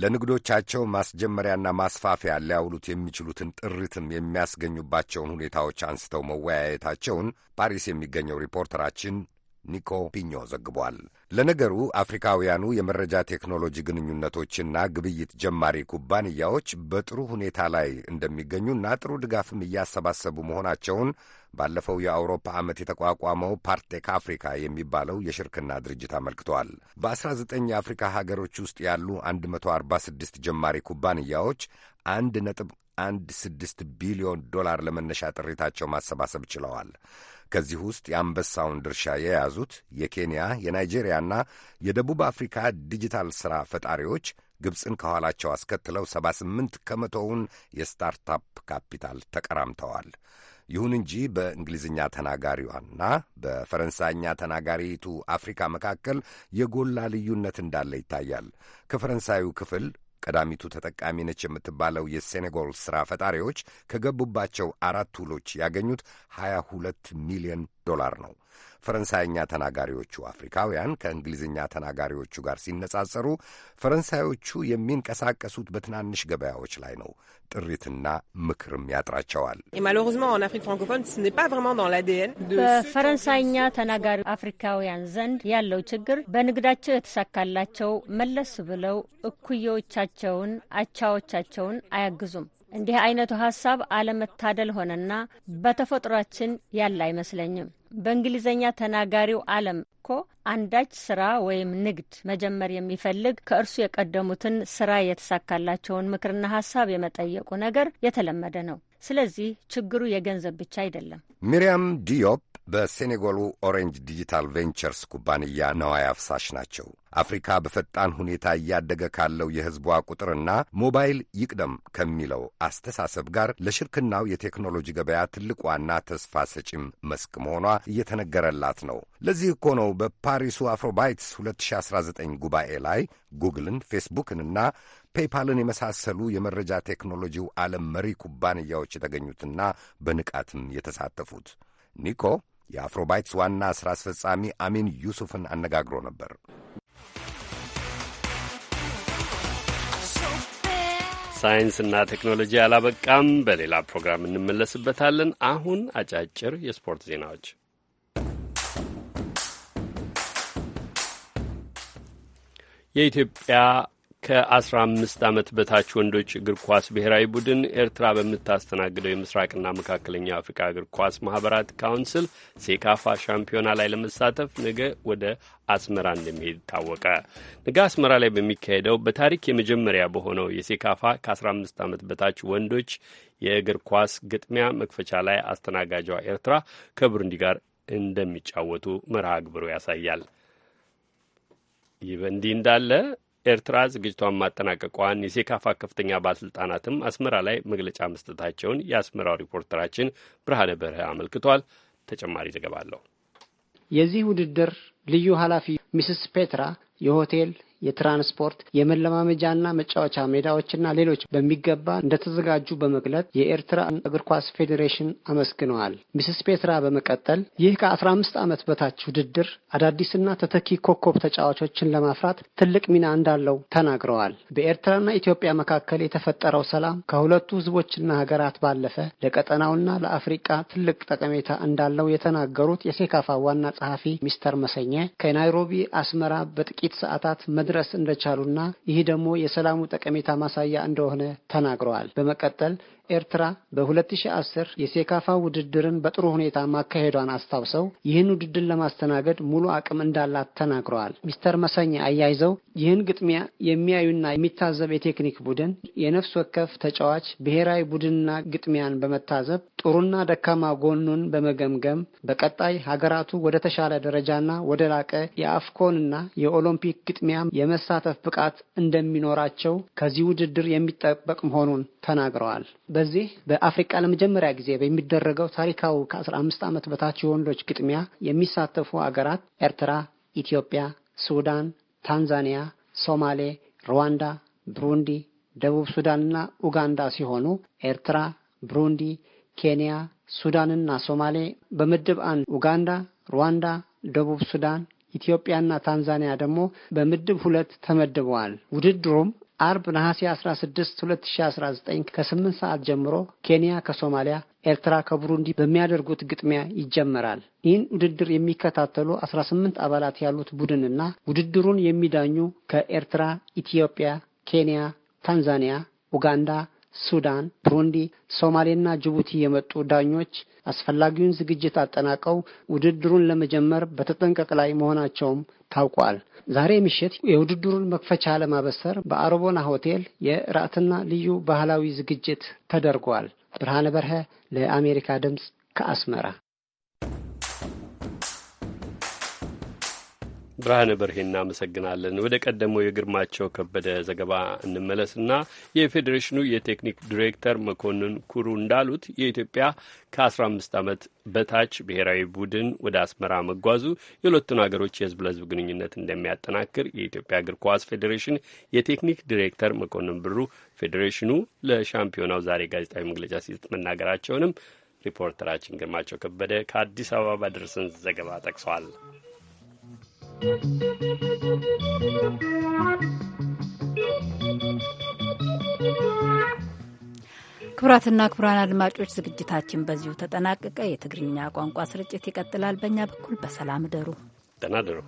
ለንግዶቻቸው ማስጀመሪያና ማስፋፊያ ሊያውሉት የሚችሉትን ጥሪትም የሚያስገኙባቸውን ሁኔታዎች አንስተው መወያየታቸውን ፓሪስ የሚገኘው ሪፖርተራችን ኒኮ ፒኞ ዘግቧል። ለነገሩ አፍሪካውያኑ የመረጃ ቴክኖሎጂ ግንኙነቶችና ግብይት ጀማሪ ኩባንያዎች በጥሩ ሁኔታ ላይ እንደሚገኙና ጥሩ ድጋፍም እያሰባሰቡ መሆናቸውን ባለፈው የአውሮፓ ዓመት የተቋቋመው ፓርቴክ አፍሪካ የሚባለው የሽርክና ድርጅት አመልክተዋል። በ19 የአፍሪካ ሀገሮች ውስጥ ያሉ 146 ጀማሪ ኩባንያዎች 1.16 ቢሊዮን ዶላር ለመነሻ ጥሪታቸው ማሰባሰብ ችለዋል። ከዚህ ውስጥ የአንበሳውን ድርሻ የያዙት የኬንያ የናይጄሪያና የደቡብ አፍሪካ ዲጂታል ሥራ ፈጣሪዎች ግብፅን ከኋላቸው አስከትለው 78 ከመቶውን የስታርታፕ ካፒታል ተቀራምተዋል። ይሁን እንጂ በእንግሊዝኛ ተናጋሪዋና በፈረንሳይኛ ተናጋሪቱ አፍሪካ መካከል የጎላ ልዩነት እንዳለ ይታያል። ከፈረንሳዩ ክፍል ቀዳሚቱ ተጠቃሚ ነች የምትባለው የሴኔጎል ሥራ ፈጣሪዎች ከገቡባቸው አራት ውሎች ያገኙት 22 ሚሊዮን ዶላር ነው። ፈረንሳይኛ ተናጋሪዎቹ አፍሪካውያን ከእንግሊዝኛ ተናጋሪዎቹ ጋር ሲነጻጸሩ ፈረንሳዮቹ የሚንቀሳቀሱት በትናንሽ ገበያዎች ላይ ነው። ጥሪትና ምክርም ያጥራቸዋል። በፈረንሳይኛ ተናጋሪ አፍሪካውያን ዘንድ ያለው ችግር በንግዳቸው የተሳካላቸው መለስ ብለው እኩዮቻቸውን፣ አቻዎቻቸውን አያግዙም። እንዲህ አይነቱ ሀሳብ አለመታደል ሆነና በተፈጥሯችን ያለ አይመስለኝም። በእንግሊዝኛ ተናጋሪው ዓለም እኮ አንዳች ስራ ወይም ንግድ መጀመር የሚፈልግ ከእርሱ የቀደሙትን ስራ የተሳካላቸውን ምክርና ሀሳብ የመጠየቁ ነገር የተለመደ ነው። ስለዚህ ችግሩ የገንዘብ ብቻ አይደለም። ሚሪያም ዲዮፕ በሴኔጎሉ ኦሬንጅ ዲጂታል ቬንቸርስ ኩባንያ ነዋይ አፍሳሽ ናቸው። አፍሪካ በፈጣን ሁኔታ እያደገ ካለው የሕዝቧ ቁጥርና ሞባይል ይቅደም ከሚለው አስተሳሰብ ጋር ለሽርክናው የቴክኖሎጂ ገበያ ትልቋና ተስፋ ሰጪም መስክ መሆኗ እየተነገረላት ነው። ለዚህ እኮ ነው በፓሪሱ አፍሮባይትስ 2019 ጉባኤ ላይ ጉግልን፣ ፌስቡክንና ፔይፓልን የመሳሰሉ የመረጃ ቴክኖሎጂው ዓለም መሪ ኩባንያዎች የተገኙትና በንቃትም የተሳተፉት ኒኮ የአፍሮባይትስ ዋና ሥራ አስፈጻሚ አሚን ዩሱፍን አነጋግሮ ነበር። ሳይንስና ቴክኖሎጂ አላበቃም። በሌላ ፕሮግራም እንመለስበታለን። አሁን አጫጭር የስፖርት ዜናዎች። የኢትዮጵያ ከ15 ዓመት በታች ወንዶች እግር ኳስ ብሔራዊ ቡድን ኤርትራ በምታስተናግደው የምስራቅና መካከለኛ አፍሪካ እግር ኳስ ማህበራት ካውንስል ሴካፋ ሻምፒዮና ላይ ለመሳተፍ ነገ ወደ አስመራ እንደሚሄድ ታወቀ። ነገ አስመራ ላይ በሚካሄደው በታሪክ የመጀመሪያ በሆነው የሴካፋ ከ15 ዓመት በታች ወንዶች የእግር ኳስ ግጥሚያ መክፈቻ ላይ አስተናጋጇ ኤርትራ ከቡሩንዲ ጋር እንደሚጫወቱ መርሃ ግብሩ ያሳያል። ይህ በእንዲህ እንዳለ ኤርትራ ዝግጅቷን ማጠናቀቋን የሴካፋ ከፍተኛ ባለስልጣናትም አስመራ ላይ መግለጫ መስጠታቸውን የአስመራው ሪፖርተራችን ብርሃነ በርህ አመልክቷል። ተጨማሪ ዘገባ አለው። የዚህ ውድድር ልዩ ኃላፊ ሚስስ ፔትራ የሆቴል የትራንስፖርት የመለማመጃና መጫወቻ ሜዳዎችና ሌሎች በሚገባ እንደተዘጋጁ በመግለጽ የኤርትራ እግር ኳስ ፌዴሬሽን አመስግነዋል። ሚስስ ፔትራ በመቀጠል ይህ ከአስራ አምስት ዓመት በታች ውድድር አዳዲስና ተተኪ ኮከብ ተጫዋቾችን ለማፍራት ትልቅ ሚና እንዳለው ተናግረዋል። በኤርትራና ኢትዮጵያ መካከል የተፈጠረው ሰላም ከሁለቱ ህዝቦችና ሀገራት ባለፈ ለቀጠናውና ለአፍሪቃ ትልቅ ጠቀሜታ እንዳለው የተናገሩት የሴካፋ ዋና ጸሐፊ ሚስተር መሰኘ ከናይሮቢ አስመራ በጥቂት ሰዓታት መድረ መድረስ እንደቻሉና ይህ ደግሞ የሰላሙ ጠቀሜታ ማሳያ እንደሆነ ተናግረዋል። በመቀጠል ኤርትራ በ2010 የሴካፋ ውድድርን በጥሩ ሁኔታ ማካሄዷን አስታውሰው ይህን ውድድር ለማስተናገድ ሙሉ አቅም እንዳላት ተናግረዋል። ሚስተር መሰኛ አያይዘው ይህን ግጥሚያ የሚያዩና የሚታዘብ የቴክኒክ ቡድን የነፍስ ወከፍ ተጫዋች ብሔራዊ ቡድንና ግጥሚያን በመታዘብ ጥሩና ደካማ ጎኑን በመገምገም በቀጣይ ሀገራቱ ወደ ተሻለ ደረጃና ወደ ላቀ የአፍኮንና የኦሎምፒክ ግጥሚያ የመሳተፍ ብቃት እንደሚኖራቸው ከዚህ ውድድር የሚጠበቅ መሆኑን ተናግረዋል። በዚህ በአፍሪቃ ለመጀመሪያ ጊዜ በሚደረገው ታሪካዊ ከ15 ዓመት በታች የወንዶች ግጥሚያ የሚሳተፉ አገራት ኤርትራ፣ ኢትዮጵያ፣ ሱዳን፣ ታንዛኒያ፣ ሶማሌ፣ ሩዋንዳ፣ ብሩንዲ፣ ደቡብ ሱዳንና ኡጋንዳ ሲሆኑ ኤርትራ፣ ብሩንዲ፣ ኬንያ፣ ሱዳንና ሶማሌ በምድብ አንድ፣ ኡጋንዳ፣ ሩዋንዳ፣ ደቡብ ሱዳን ኢትዮጵያና ታንዛኒያ ደግሞ በምድብ ሁለት ተመድበዋል። ውድድሩም አርብ ነሐሴ 16 2019 ከ8 ሰዓት ጀምሮ ኬንያ ከሶማሊያ፣ ኤርትራ ከቡሩንዲ በሚያደርጉት ግጥሚያ ይጀመራል። ይህን ውድድር የሚከታተሉ 18 አባላት ያሉት ቡድንና ውድድሩን የሚዳኙ ከኤርትራ፣ ኢትዮጵያ፣ ኬንያ፣ ታንዛኒያ፣ ኡጋንዳ ሱዳን፣ ብሩንዲ፣ ሶማሌና ጅቡቲ የመጡ ዳኞች አስፈላጊውን ዝግጅት አጠናቀው ውድድሩን ለመጀመር በተጠንቀቅ ላይ መሆናቸውም ታውቋል። ዛሬ ምሽት የውድድሩን መክፈቻ ለማበሰር በአሮቦና ሆቴል የእራትና ልዩ ባህላዊ ዝግጅት ተደርጓል። ብርሃነ በርሀ ለአሜሪካ ድምፅ ከአስመራ ብርሃነ በርሄ እናመሰግናለን። ወደ ቀደመው የግርማቸው ከበደ ዘገባ እንመለስና የፌዴሬሽኑ የቴክኒክ ዲሬክተር መኮንን ኩሩ እንዳሉት የኢትዮጵያ ከ15 ዓመት በታች ብሔራዊ ቡድን ወደ አስመራ መጓዙ የሁለቱን ሀገሮች የህዝብ ለህዝብ ግንኙነት እንደሚያጠናክር የኢትዮጵያ እግር ኳስ ፌዴሬሽን የቴክኒክ ዲሬክተር መኮንን ብሩ ፌዴሬሽኑ ለሻምፒዮናው ዛሬ ጋዜጣዊ መግለጫ ሲሰጥ መናገራቸውንም ሪፖርተራችን ግርማቸው ከበደ ከአዲስ አበባ ባደረሰን ዘገባ ጠቅሷል። ክቡራትና ክቡራን አድማጮች ዝግጅታችን በዚሁ ተጠናቀቀ። የትግርኛ ቋንቋ ስርጭት ይቀጥላል። በእኛ በኩል በሰላም እደሩ። ደህና እደሩ።